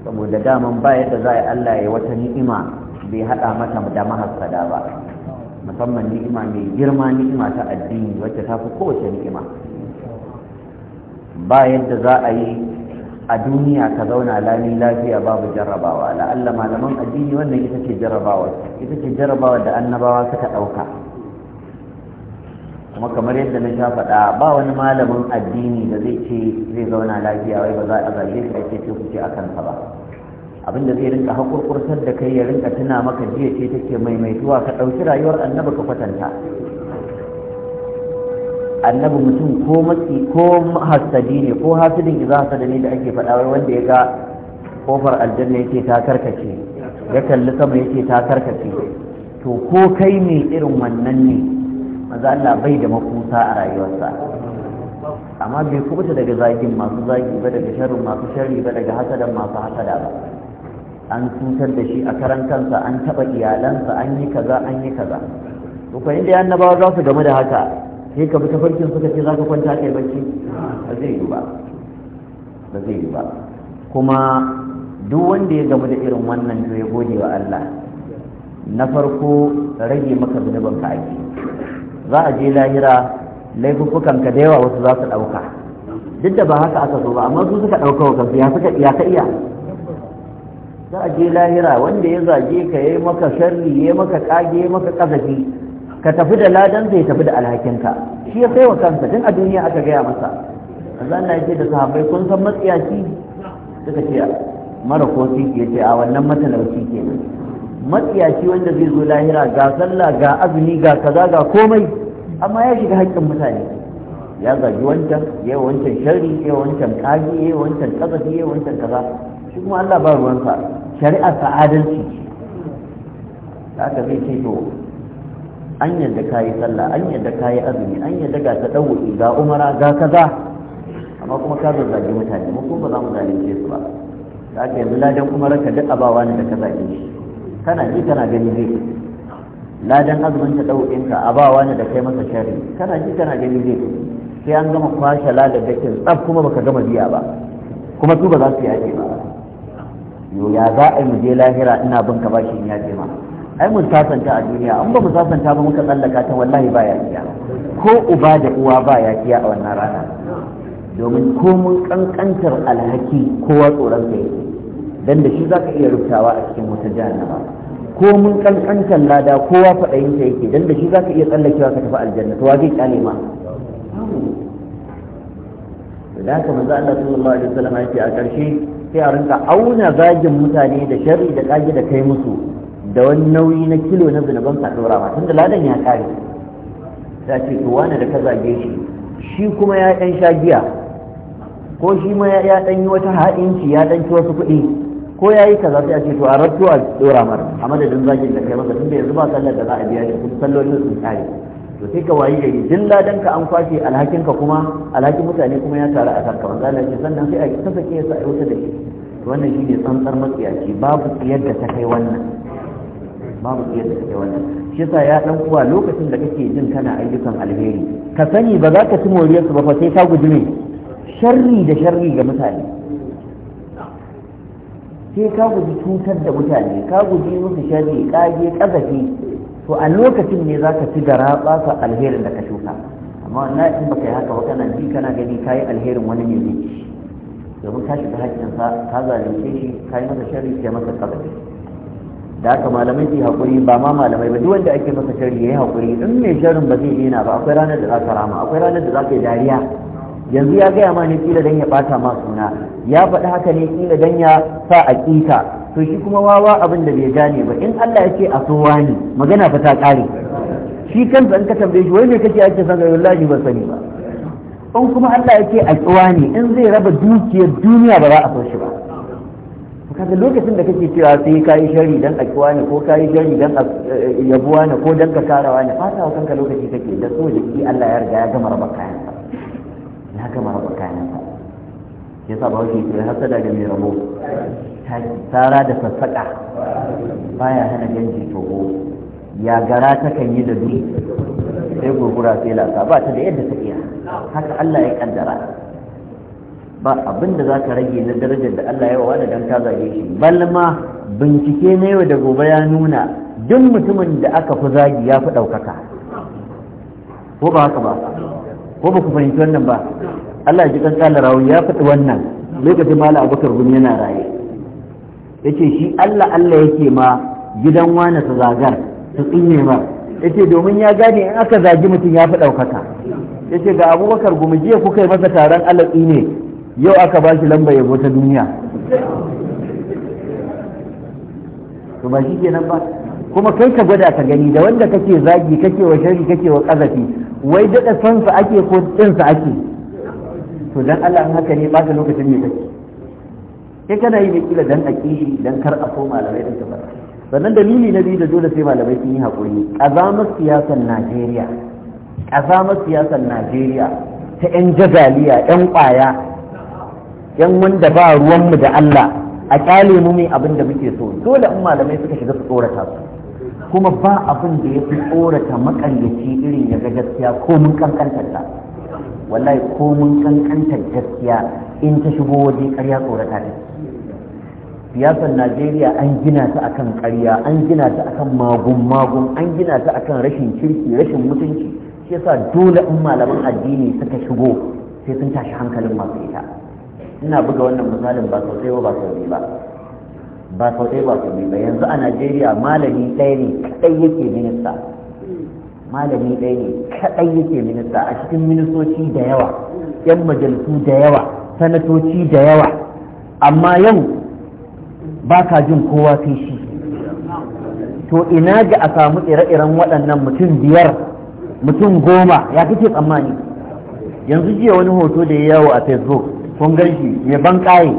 saboda daman ba yadda za a yi Allah ya wata ni'ima bai haɗa mata da mahassada ba musamman ni'ima mai girma ni'ima ta addini wacce ta fi kowace ni'ima ba yadda za a yi a duniya ka zauna lami lafiya babu jarrabawa la'alla malaman addini wannan ita ce jarrabawa ita ce jarrabawa da annabawa suka ɗauka kuma kamar yadda na sha faɗa ba wani malamin addini da zai ce zai zauna lafiya wai ba za a zage shi ake ce ku ce a kansa ba abinda zai rinka hakurkurtar da kai ya rinka tuna maka jiya ce take maimaituwa ka ɗauki rayuwar annabi ka kwatanta annabi mutum ko matsi ko hasadi ne ko hasidin iza hasada ne da ake faɗa wanda ya ga kofar aljanna yake ta karkace ya kalli sama yake ta karkace to ko kai ne irin wannan ne maza Allah bai da makusa a rayuwarsa amma bai kubuta daga zagin masu zagi ba daga sharrin masu sharri ba daga hasadan masu hasada ba an cutar da shi a karan kansa an taɓa iyalansa an yi kaza an yi kaza to fa inda annabawa za su game da haka sai ka bi ta farkin suka ce za ka kwanta kai bacci ba zai yi ba ba zai yi ba kuma duk wanda ya gamu da irin wannan to ya gode wa Allah na farko rage maka zunuban ka aiki za a je lahira laifukan ka da yawa wasu za su ɗauka duk da ba haka aka zo ba amma su suka ɗauka wa kansu ya suka ka iya za a je lahira wanda ya zage ka ya maka sharri ya maka kage ya maka kazafi ka tafi da ladan zai tafi da alhakinka shi ya sai wa kansa tun a duniya aka gaya masa azan na ce da sahabbai kun san matsiyaci suka ce mara ko ke ce a wannan matalauci ke matsiyaci wanda zai zo lahira ga sallah ga azumi ga kaza ga komai amma ya shiga haƙƙin mutane ya zagi wancan ya wancan sharri ya wancan kage ya wancan kazafi ya wancan kaza shi kuma Allah ba ruwansa shari'ar sa adalci ta haka zai ce to an yadda ka yi sallah an yadda ka yi azumi an yadda ga ta ɗauki ga umara ga kaza amma kuma ka zazzage mutane mu kuma ba za mu zalunce su ba ta aka yanzu ladan umara ka duk abawa ne da ka zage shi kana ji kana gani zai ladan azumin ta ɗaukin ka abawa ne da kai masa shari kana ji kana gani zai sai an gama kwashe ladadakin tsaf kuma baka gama biya ba kuma su ba za su yaƙi ba yo ya za a yi mu je lahira ina bin ka bashi ya ce ma ai mun sasanta a duniya an ba mu sasanta ba muka tsallaka ta wallahi ba ya kiya ko uba da uwa ba ya kiya a wannan rana domin ko mun kankantar alhaki kowa tsoron kai dan da shi zaka iya rubtawa a cikin wata jahannama ko mun kankantar lada kowa faɗayin ta yake dan da shi zaka iya tsallakewa ka tafi aljanna to wa zai kyale ma da haka manzo Allah sallallahu alaihi wasallam ya ce a ƙarshe sai a rinka auna zagin mutane da shari da kage da kai musu da wani nauyi na kilo na zunuban ka dora ma tunda ladan ya kare ta ce to wani da ka zage shi shi kuma ya dan sha giya ko shi ma ya dan yi wata ha'inci ya dan ci wasu kuɗi ko ya yi kaza sai a ce to a rattu a dora mar a madadin zagin da kai masa tunda yanzu ba sallar da za a biya shi kuma sallolin sun kare to sai ka wayi gari din ladan ka an kwashe alhakin ka kuma alhakin mutane kuma ya tare a kanka wanda Allah sannan sai a kasake ya sa a wuta da shi wannan shine tsantsar matsiyaci babu yadda da ta kai wannan babu yadda da ta kai wannan shi yasa ya dan kuwa lokacin da kake jin kana ayyukan alheri ka sani ba za ka ci moriyar su ba fa sai ka guji ne sharri da sharri ga mutane sai ka guji cutar da mutane ka guji musu sharri kage kazafi to a lokacin ne za ka ci gara basa alherin da ka shuka amma wannan in baka yi haka ba kana ji kana gani ka yi alherin wani ne zai ci domin ka shiga haƙƙinsa ka zalunce shi ka yi masa sharri sai masa kabari da haka malamai su hakuri? ba ma malamai ba duk wanda ake masa sharri ya yi haƙuri in mai sharrin ba zai daina ba akwai ranar da za ka rama akwai ranar da za ka yi dariya yanzu ya gaya ma ne kila dan ya ɓata ma suna ya faɗi haka ne kila dan ya sa aƙita to shi kuma wawa abin da bai gane ba in Allah ya ce a so wani magana fa ta kare shi kansa in ka tambaye shi wai me kake ake san ga wallahi ba sani ba in kuma Allah ya ce a kiwa ne in zai raba dukiyar duniya ba za a so shi ba kaga lokacin da kake cewa sai ka shari dan a kiwa ne ko ka shari dan a eh, yabuwa ne ko dan ka karawa ne fata wa kanka lokaci kake da so da shi Allah ya riga ya gama raba kayan ya gama raba kayan sa yasa ba wuce hasada da mai rabo tara da sassaƙa baya hana ganji toho ya gara ta kan yi da duk sai gurgura sai lasa ba ta da yadda ta iya haka Allah ya kaddara ba abin da za ka rage na darajar da Allah ya wa da dan ka zage shi balma bincike na yau da gobe ya nuna duk mutumin da aka fi zagi ya fi ɗaukaka ko ba haka ba ko ba ku fahimci wannan ba Allah ya ji kan kala rawu ya fi wannan lokacin malam abubakar gumi yana raye yace shi Allah Allah yake ma gidan wani su zagar su tsinye ma yace domin ya gane in aka zagi mutum ya fi ɗaukaka yace ga abubakar jiya kuka yi masa taron Allah ne yau aka ba shi lamba yabo ta duniya to ba shi ke nan ba kuma kai ka gwada ka gani da wanda kake zagi kake wa shari kake wa kazafi wai daɗa son sa ake ko ɗin sa ake to dan Allah in haka ne ba ta lokacin ne kake kai kana yi ne kila dan a kishi dan kar a so malamai din gaba sannan dalili na biyu da dole sai malamai sun yi haƙuri ƙazamar siyasar najeriya ƙazamar siyasar najeriya ta 'yan jagaliya 'yan ƙwaya 'yan wanda ba ruwanmu da allah a ƙyale mu mai abin da muke so dole in malamai suka shiga su tsorata su kuma ba abin da ya fi tsorata makaryaci irin ya ga gaskiya ko mun kankantar ta wallahi ko mun kankantar gaskiya in ta shigo waje ƙarya tsorata ta siyasar najeriya an gina ta akan karya an gina ta akan magun-magun an gina ta akan rashin kirki rashin mutunci shi yasa dole in malaman addini suka shigo sai sun tashi hankalin masu ita ina buga wannan misalin ba sau ɗaya ba sau ba ba sau ɗaya ba sau ba yanzu a najeriya malami ɗaya ne kaɗai yake minista malami ɗaya ne kaɗai yake minista a cikin ministoci da yawa 'yan majalisu da yawa sanatoci da yawa amma yau ba ka jin kowa sun shi to ina ga a samu ire-iren waɗannan mutum biyar mutum goma ya kake tsammani yanzu jiya wani hoto da ya yawo a facebook kun garshi shi mai ban ƙaye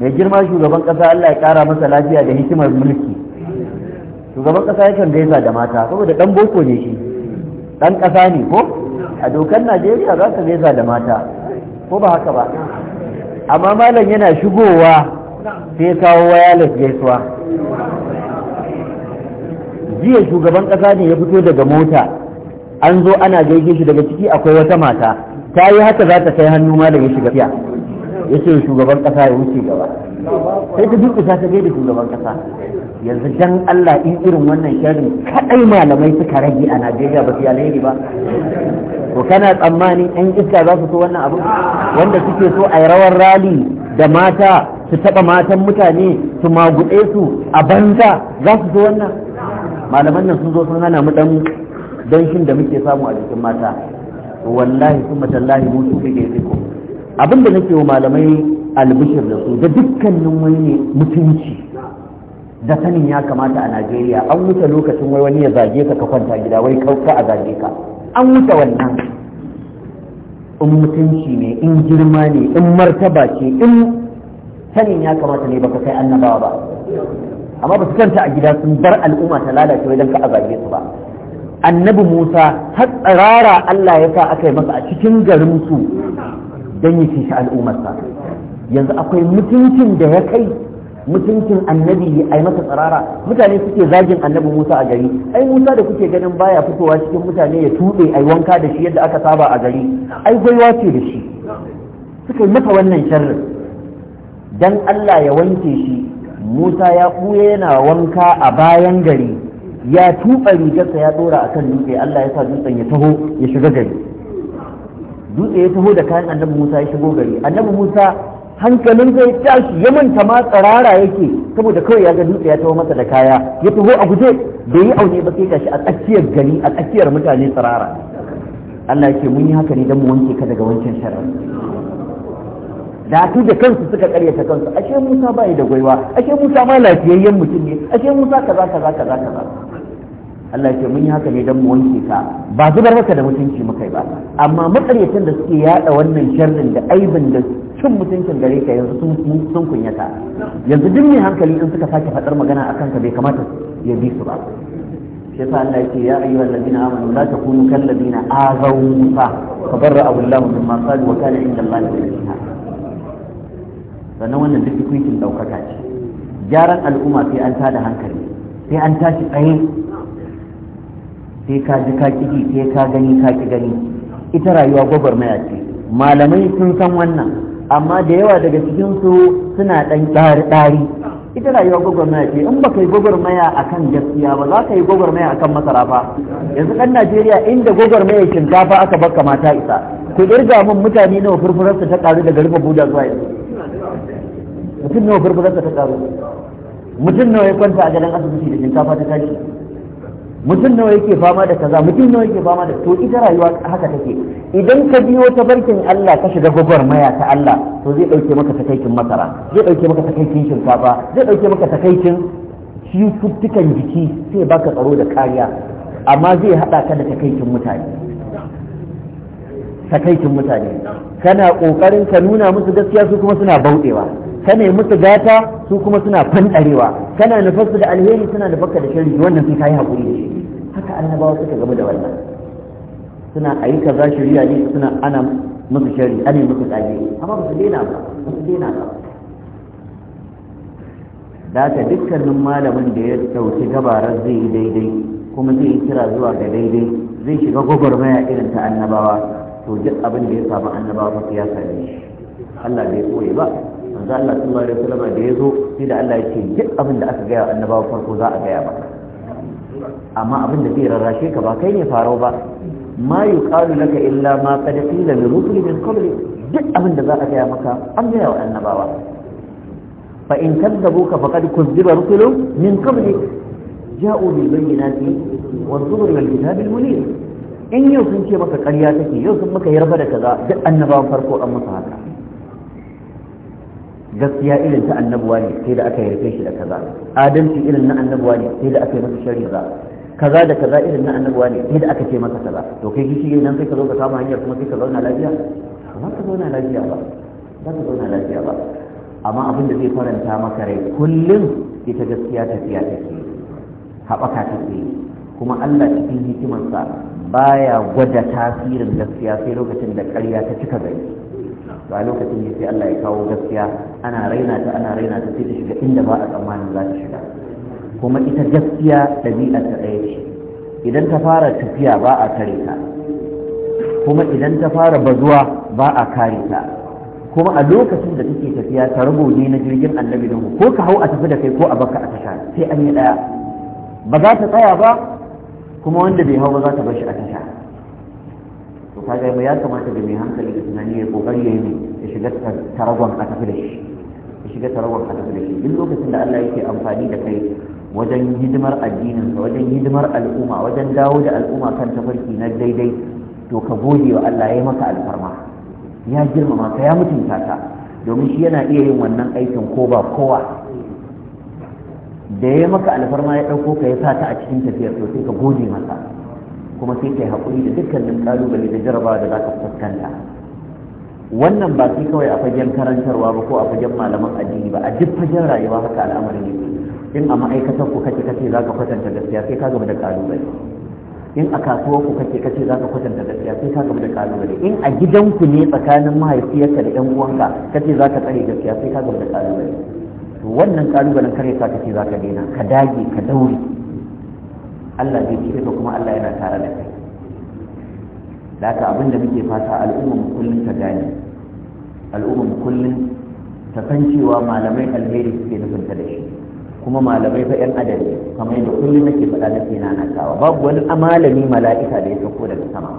mai girma shugaban ƙasa allah ya ƙara masa lafiya da hikimar mulki shugaban ƙasa yakan gaisa da mata saboda ɗan boko ne shi ɗan ƙasa ne ko a dokar najeriya za ka gaisa da mata ko ba haka ba amma malam yana shigowa sai ya kawo wireless gaisuwa jiya shugaban ƙasa ne ya fito daga mota an zo ana gaishe shi daga ciki akwai wata mata ta yi haka za ta kai hannu ma ya shiga fiya ya ce shugaban ƙasa ya wuce gaba sai ta duk ta gaida shugaban ƙasa yanzu dan Allah in irin wannan sharri kadai malamai suka rage a Najeriya ba su alheri ba to kana tsammani ɗan iska za su so wannan abu wanda suke so a yi rawar rali da mata su taɓa matan mutane su maguɗe su a banza za su zo wannan malaman nan sun zo sun hana mu dan danshin da muke samu a jikin mata wallahi sun matallahi mu su kake ziko abin da nake wa malamai albishir da su da dukkanin wani mutunci da sanin ya kamata a najeriya an wuce lokacin wai wani ya zage ka ka kwanta gida wai kauka a zage ka an wuce wannan in mutunci ne in girma ne in martaba ce in sanin ya kamata ne baka kai annabawa ba amma ba su kanta a gida sun bar al'umma ta lalace wajen ka azage su ba annabi Musa har tsirara Allah ya sa aka yi masa a cikin garin su don yi shi al'ummarsa yanzu akwai mutuncin da ya kai mutuncin annabi a yi masa tsirara mutane suke zagin annabi Musa a gari ai Musa da kuke ganin baya fitowa cikin mutane ya tuɗe ai wanka da shi yadda aka saba a gari ai gwaiwa ce da shi suka yi masa wannan sharrin dan Allah ya wanke shi Musa ya kuya yana wanka a bayan gari ya tuɓa rigarsa ya ɗora a kan dutse Allah ya sa dutsen ya taho ya shiga gari dutse ya taho da kayan annabi Musa ya shigo gari annabi Musa hankalin zai tashi ya manta ma tsirara yake saboda kawai ya ga dutse ya taho masa da kaya ya taho a guje bai yi aune ba sai gashi a tsakiyar gari a tsakiyar mutane tsirara Allah ya ce mun yi haka ne don mu wanke ka daga wancan sharri da su da kansu suka karyata kansu ashe Musa bai da gwaiwa ashe Musa ma lafiyayyen mutum ne ashe Musa kaza kaza kaza kaza Allah ce mun yi haka ne don mu wanke ka ba zubar maka da mutunci muka ba amma makaryatan da suke yada wannan sharrin da aibin da cin mutuncin gare ka yanzu sun sun kunyata yanzu duk mai hankali in suka sake faɗar magana akan ka bai kamata ya bi su ba shi yasa Allah yake ya ayyuhal ladina amanu la takunu kal ladina azaw musa fa barra Allahu mimma qalu wa kana inda Allah wajha sannan wannan duk hukuncin ɗaukaka ce gyaran al'umma sai an tada hankali sai an tashi tsaye sai ka ji ka ƙi sai ka gani ka ƙi gani ita rayuwa gwagwarmaya ce malamai sun san wannan amma da yawa daga cikinsu suna ɗan ɗari ita rayuwa gwagwarmaya ce in baka yi gwagwarmaya akan gaskiya ba za ka yi gwagwarmaya akan masara ba. yanzu ɗan najeriya inda gwagwarmaya shinkafa aka baka mata isa ku irga min mutane nawa furfurarsa ta ƙaru daga rufe buda zuwa yanzu mutum nawa burburansa ta karu mutum nawa ya kwanta a gadon asibiti da shinkafa ta tashi mutum nawa yake fama da kaza mutum nawa yake fama da to ita rayuwa haka take idan ka biyo ta barkin Allah ka shiga gwagwarmaya ta Allah to zai dauke maka takaikin masara zai dauke maka takaikin shinkafa zai dauke maka takaikin cututtukan jiki sai baka tsaro da kariya amma zai hada ka da takaikin mutane takaikin mutane kana kokarin ka nuna musu gaskiya su kuma suna bauɗewa ka ne musu gata su kuma suna fanɗarewa kana nufarsu da alheri suna nufarka da shari wannan sai kayi haƙuri haka annabawa suka gamu da wannan suna ayi kaza shari'a ne suna ana musu shari ana musu tsage amma ba su daina ba ba su daina ba da ta dukkanin malamin da ya dauki gabaran zai yi daidai kuma zai yi kira zuwa ga daidai zai shiga gwagwarmaya irin ta annabawa to duk abin da ya samu annabawa fa ya same shi Allah bai koye ba manzo Allah sallallahu alaihi wasallam da yazo sai da Allah yake duk abin da aka gaya annabawa farko za a gaya ba amma abin da zai rarrashe ka ba kai ne farau ba ma yuqalu laka illa ma qad qila li rusuli min qabli duk abin da za a gaya maka an gaya wa annabawa fa in kadzabuka faqad kuzziba rusulun min qabli ja'u bil bayyinati wa dhubur wal kitab al munir in yau sun ce maka ƙarya take yau sun maka yarba da kaza duk annabawan farko an musu haka gaskiya irin ta annabuwa ne sai da aka yarfe shi da kaza adalci irin na annabuwa ne sai da aka yi masa shari'a kaza da kaza irin na annabuwa ne sai da aka ce masa kaza to kai shi nan sai ka zo ka kama hanyar kuma sai ka zauna lafiya ba ka zauna lafiya ba ba ka zauna lafiya ba amma abin da zai faranta maka rai kullum ita gaskiya tafiya take haɓaka take kuma Allah cikin hikimarsa baya gwada tasirin gaskiya sai lokacin da ƙarya ta cika gari Ba lokacin ne sai Allah ya kawo gaskiya ana raina ta ana raina ta sai ta shiga inda ba a tsammanin za ta shiga kuma ita gaskiya ɗabi'a ta ɗaya ce idan ta fara tafiya ba a kare ta kuma idan ta fara bazuwa ba a kare ta kuma a lokacin da take tafiya ta ne na jirgin annabi da ko ka hau a tafi da kai ko a baka a tasha sai an yi ɗaya ba za ta tsaya ba kuma wanda bai hau ba za ta bar shi a tasha kaga ya kamata da mai hankali da tunani ya kokari ya yi ya shiga taragon a tafi da shi ya shiga taragon a tafi da shi duk lokacin da Allah yake amfani da kai wajen hidimar addininsa wajen hidimar al'umma wajen dawo da al'umma kan tafarki na daidai to ka gode wa Allah ya maka alfarma ya girmama ka ya mutunta ka domin shi yana iya yin wannan aikin ko ba kowa da ya maka alfarma ya ɗauko ka ya sa ta a cikin tafiyar to sai ka gode masa kuma sai kai haƙuri da dukkanin ƙalubale da jarabawa da za ka fuskanta wannan ba sai kawai a fagen karantarwa ba ko a fagen malaman addini ba a duk fagen rayuwa haka al'amarin yake in a ma'aikatar ku kake kace za ka kwatanta gaskiya sai ka gaba da ƙalubale. in a kasuwar ku kake kace za ka kwatanta gaskiya sai ka gaba da ƙalubale. in a gidanku ne tsakanin mahaifiyarka da yan uwanka kace za ka tsare gaskiya sai ka gaba da ƙalubale. wannan ƙalubalen kare ka kace za ka daina ka dage ka daure Allah zai cire ka kuma Allah yana tare da kai da haka abin da muke fata al'umma mu kullum ta gane al'umma mu kullum ta san cewa malamai alheri suke ta da shi kuma malamai fa 'yan adadi kamar yadda kullum nake faɗa na ke nanatawa babu wani amalami, mala'ika da ya sauko daga sama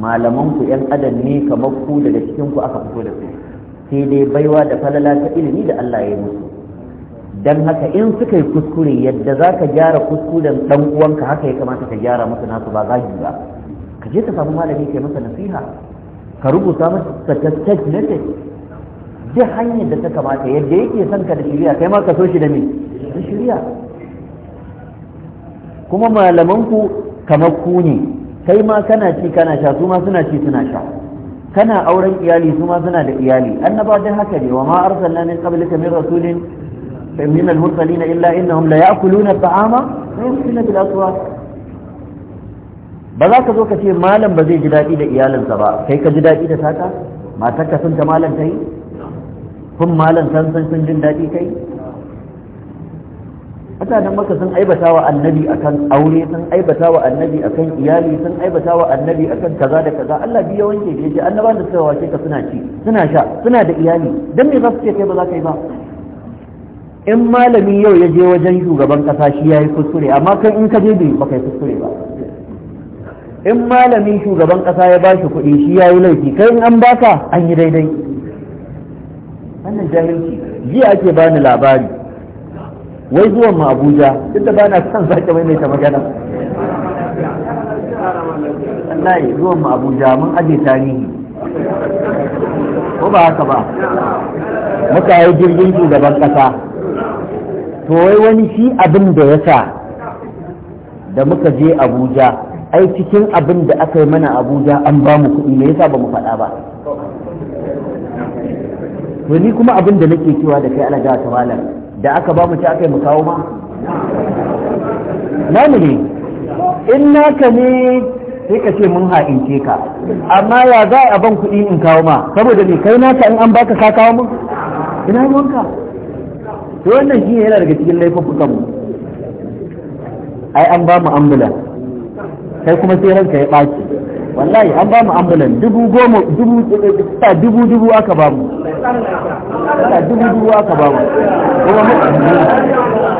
malaman ku 'yan adam ne kamar ku daga cikin ku aka fito da su sai dai baiwa da falala ta ilimi da Allah ya yi musu dan haka in suka yi kuskure yadda za ka gyara kuskuren dan uwanka haka ya kamata ka gyara masa nasu ba zagi ba ka je ka samu malami kai masa nasiha ka rubuta masa text message duk hanyar da ta kamata yadda yake son ka da shirya kai ma ka so shi da me da shirya kuma malamanku ku kamar ku ne kai ma kana ci kana sha su ma suna ci suna sha kana auren iyali su ma suna da iyali annaba dan haka ne wa ma arsalna min qablika min rasulin من المرسلين إلا إنهم ليأكلون الطعام ويمشون بالأسواق ba za ka zo ka ce malam ba zai ji daɗi da iyalinsa ba kai ka ji daɗi da taka matarka sun ta malam ta kun malam san sun jin daɗi kai mutanen maka sun aibata wa annabi akan aure sun aibata wa annabi akan iyali sun aibata wa annabi akan kaza da kaza Allah bi wanke da ka suna ci suna sha suna da iyali dan me za su kai ba za ka yi ba in malami yau ya je wajen shugaban kasa shi ya yi kuskure amma kai in ka je bai baka yi kuskure ba in malami shugaban kasa ya bashi kuɗi shi ya yi laifi kai in an baka an yi daidai wannan jahilci jiya ake bani labari wai zuwan mu abuja duk da ba na son mai maimaita magana wallahi zuwan mu abuja mun aje tarihi ko ba haka ba muka yi jirgin shugaban kasa to wai wani shi abin da ya sa da muka je abuja ai cikin abin da aka yi mana abuja an ba mu kuɗi me yasa ba mu faɗa ba to ni kuma abin da nake cewa da kai ana jawa tawalar da aka ba mu ci aka yi mu kawo ma mu ne in naka ne sai ka ce mun ha'ince ka amma ya za a ban kuɗi in kawo ma saboda me kai naka in an baka ka kawo mun ina ruwanka to wannan shi yana daga cikin laifukan mu ai an ba mu ambulan kai kuma sai ranka ya ɓaci wallahi an ba mu ambulan dubu goma dubu dubu dubu aka ba mu dubu dubu aka ba mu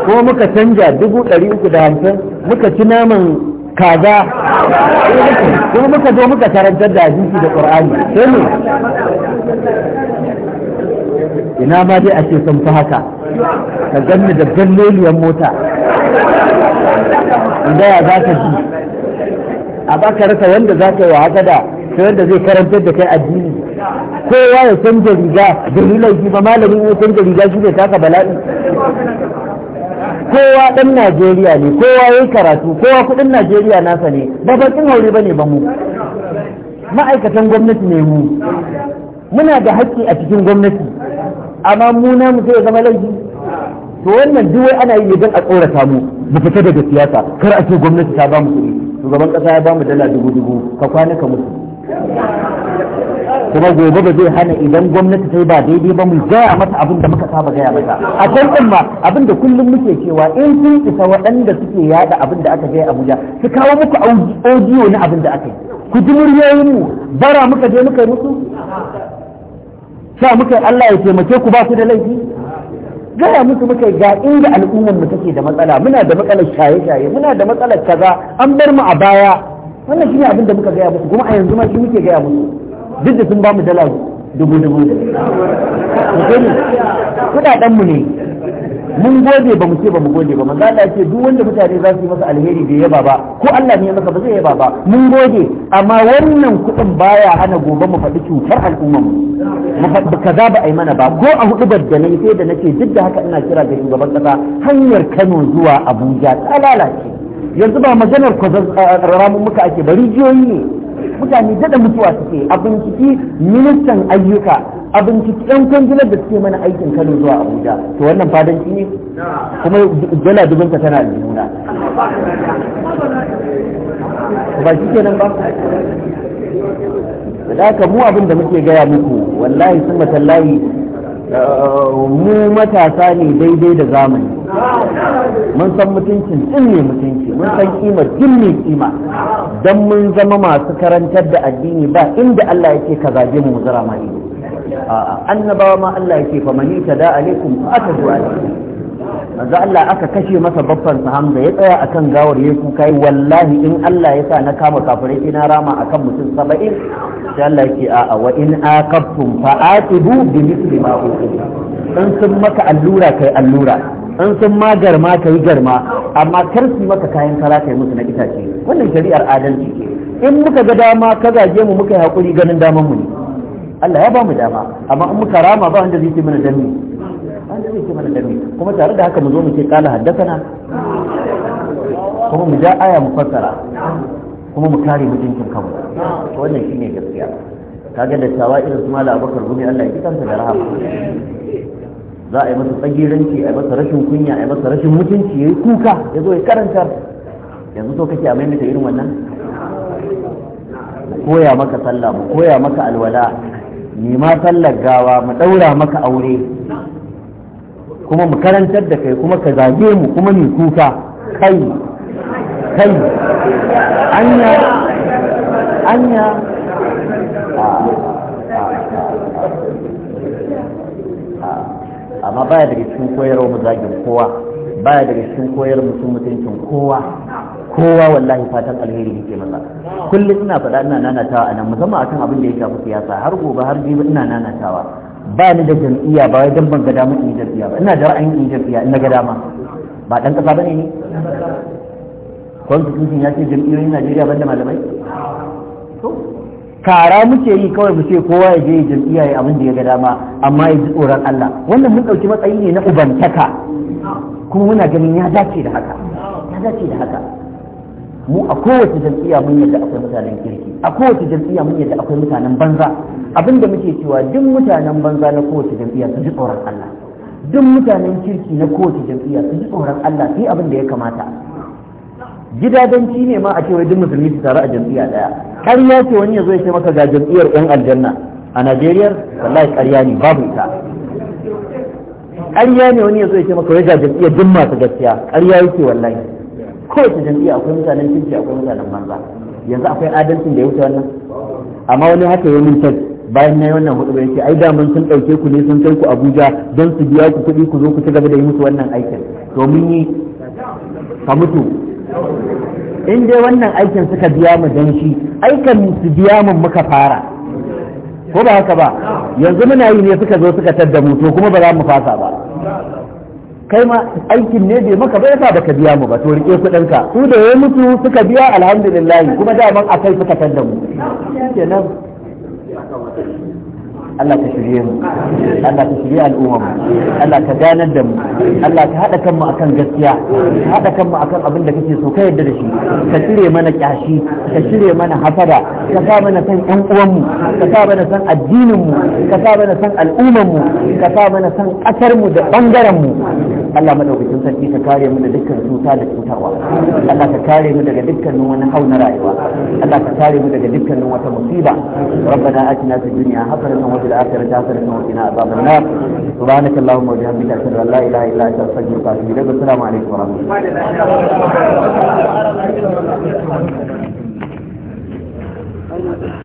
kuma muka canja dubu ɗari uku da hamsin muka ci naman kaza kuma muka zo muka karantar da hadisi da qur'ani sai ina ma dai a ce sun fi haka ka ganni da galloliyar mota inda ya za ka ji a baka rasa wanda za ka yi wa haka da ta yadda zai karantar da kai addini kowa ya canza riga da yi ba malamin ya san riga shi ne taka bala'i kowa ɗan Najeriya ne kowa ya karatu kowa kuɗin Najeriya nasa ne ba bakin haure ba ne ba mu ma'aikatan gwamnati ne mu muna da haƙƙi a cikin gwamnati amma mu na sai ya zama laifi to wannan duk wai ana yi don a tsorata mu mu fita daga siyasa kar a ce gwamnati ta ba mu kuɗi shugaban ƙasa ya ba mu dala dubu dubu ka kwana ka mutu kuma gobe ba zai hana idan gwamnati ta yi ba daidai ba mu gaya mata abin da muka saba gaya mata a can din ma abin da kullum muke cewa in sun isa waɗanda suke yada abin da aka gaya Abuja su kawo muku audio na abin da aka yi ku ji muryoyin mu bara muka je muka yi musu ta muka Allah ya taimake ku ba da laifi gaya musu muka ga inda al'ummar mu take da matsala muna da matsalar shaye-shaye muna da matsalar kaza an bar mu a baya wannan shine abin da muka gaya musu kuma a yanzu ma shi muke gaya musu duk da sun ba mu dala dubu dubu kudaden mu ne mun gode ba mu ce ba mu gode ba manzo Allah ce duk wanda mutane za su yi masa alheri bai yaba ba ko Allah ne ya masa ba zai yaba ba mun gode amma wannan kuɗin baya hana gobe mu faɗi cutar al'umma mu faɗi kaza ba yi mana ba ko a hudu da nayi sai da nake duk da haka ina kira ga shugaban kasa hanyar Kano zuwa Abuja ta lalace yanzu ba maganar ramun muka ake ba rijiyoyi ne mutane dada mutuwa suke abinciki ministan ayyuka a binciki yan kwangilar da suke mana aikin kano zuwa abuja to wannan fadanci ne kuma dala dubinta tana da nuna ba shi nan ba da haka mu abin da muke gaya muku wallahi sun matallahi uh, mu matasa ne daidai da zamani mun san mutuncin din ne mutunci mun san kimar din ne kima don mun zama masu karantar da addini ba inda Allah yake ka zage mu zira mai a'a annabawa ma Allah yake fa mani da, alaikum fa atadu alaikum manzo Allah aka kashe masa babban sa Hamza ya tsaya akan gawar ya kuka wallahi in Allah ya sa na kama kafirai ina rama akan mutum 70 sai Allah yake a'a wa in aqabtum fa atibu bi mithli ma in sun maka allura kai allura in sun ma garma kai garma amma kar su maka kayan kara kai musu na itace wannan shari'ar adalci in muka ga dama ka zage mu muka yi hakuri ganin daman mu ne Allah ya ba mu dama amma in muka rama ba wanda zai ce mana danni wanda zai ce mana danni kuma tare da haka mu zo mu ce kala haddasana kuma mu ja aya mu fassara kuma mu kare mutuncin kanmu wannan shine gaskiya kaga da tawa irin su mala abubakar gumi Allah ya ji kansa da rahama za a yi masa tsagiranci a yi masa rashin kunya a yi masa rashin mutunci ya yi kuka ya zo ya karanta yanzu so kake a maimaita irin wannan mu koya maka sallah mu koya maka alwala nema sallar gawa mu ɗaura maka aure kuma mu karantar da kai kuma ka zage mu kuma mu kuka kai kai anya anya amma baya daga cikin koyarwa mu zagin kowa baya daga cikin koyar mutum mutuncin kowa kowa wallahi fatan alheri yake masa kullum ina faɗa ina nanatawa anan musamman akan abin da ya shafi siyasa har gobe har jibi ina nanatawa ba ni da jam'iyya ba dan ban ga damar in jam'iyya ba ina da ra'ayin in jam'iyya ina ga dama ba dan kasa bane ni constitution ya ce jam'iyyoyin Najeriya ban da malamai to kara muke yi kawai mu ce kowa ya je jam'iyya ya abin da ya ga dama amma ya ji tsoron Allah wannan mun dauki matsayi ne na ubantaka kuma muna ganin ya dace da haka ya dace da haka mu a kowace jam'iyya mun yadda akwai mutanen kirki a kowace jam'iyya mun yadda akwai mutanen banza abinda muke cewa duk mutanen banza na kowace jam'iyya su ji tsoron Allah duk mutanen kirki na kowace jam'iyya su ji tsoron Allah sai abin da ya kamata gidadanci ne ma a cewa duk musulmi su taru a jam'iyya daya har ya ce wani ya zo ya ce maka ga jam'iyyar yan aljanna a Najeriya wallahi ƙarya ne babu ita ƙarya ne wani ya zo ya ce maka wai ga jam'iyyar duk masu gaskiya ƙarya yake wallahi kowace jam'i akwai mutanen kirki akwai mutanen banza yanzu akwai adalcin da ya wuce wannan amma wani haka ya min tas bayan na yi wannan hudu yake ai da mun sun dauke ku ne sun kai ku Abuja don su biya ku kuɗi ku zo ku ci gaba da yi musu wannan aikin domin yi ka mutu in dai wannan aikin suka biya mu dan shi aikan su biya mu muka fara ko ba haka ba yanzu muna yi ne suka zo suka tadda mu to kuma ba za mu fasa ba kai ma aikin ne bai maka ba yasa ka biya mu ba to rike kuɗin ka su da ya mutu suka biya alhamdulillah kuma a akai suka tanda mu kenan Allah ka shirye mu Allah ka shirye al'umma mu Allah ka ganar da mu Allah ka haɗa kanmu akan gaskiya ka haɗa kanmu akan abin da kake so ka yarda da shi ka shirye mana kyashi ka shirye mana hasada, ka sa mana san ƴan uwanmu ka sa mana san addinin mu ka sa mana san al'umman mu ka sa mana san ƙasar mu da bangaren mu Allah madaukakin sarki ka kare mu da dukkan cuta da cutarwa Allah ka kare mu daga dukkanin wani hau na rayuwa Allah ka kare mu daga dukkanin wata musiba ربنا آتنا في الدنيا حسنة في الآخرة حسنة وقنا عذاب النار سبحانك اللهم وبحمدك أشهد أن لا إله إلا أنت أستغفرك وأتوب إليك السلام عليكم ورحمة الله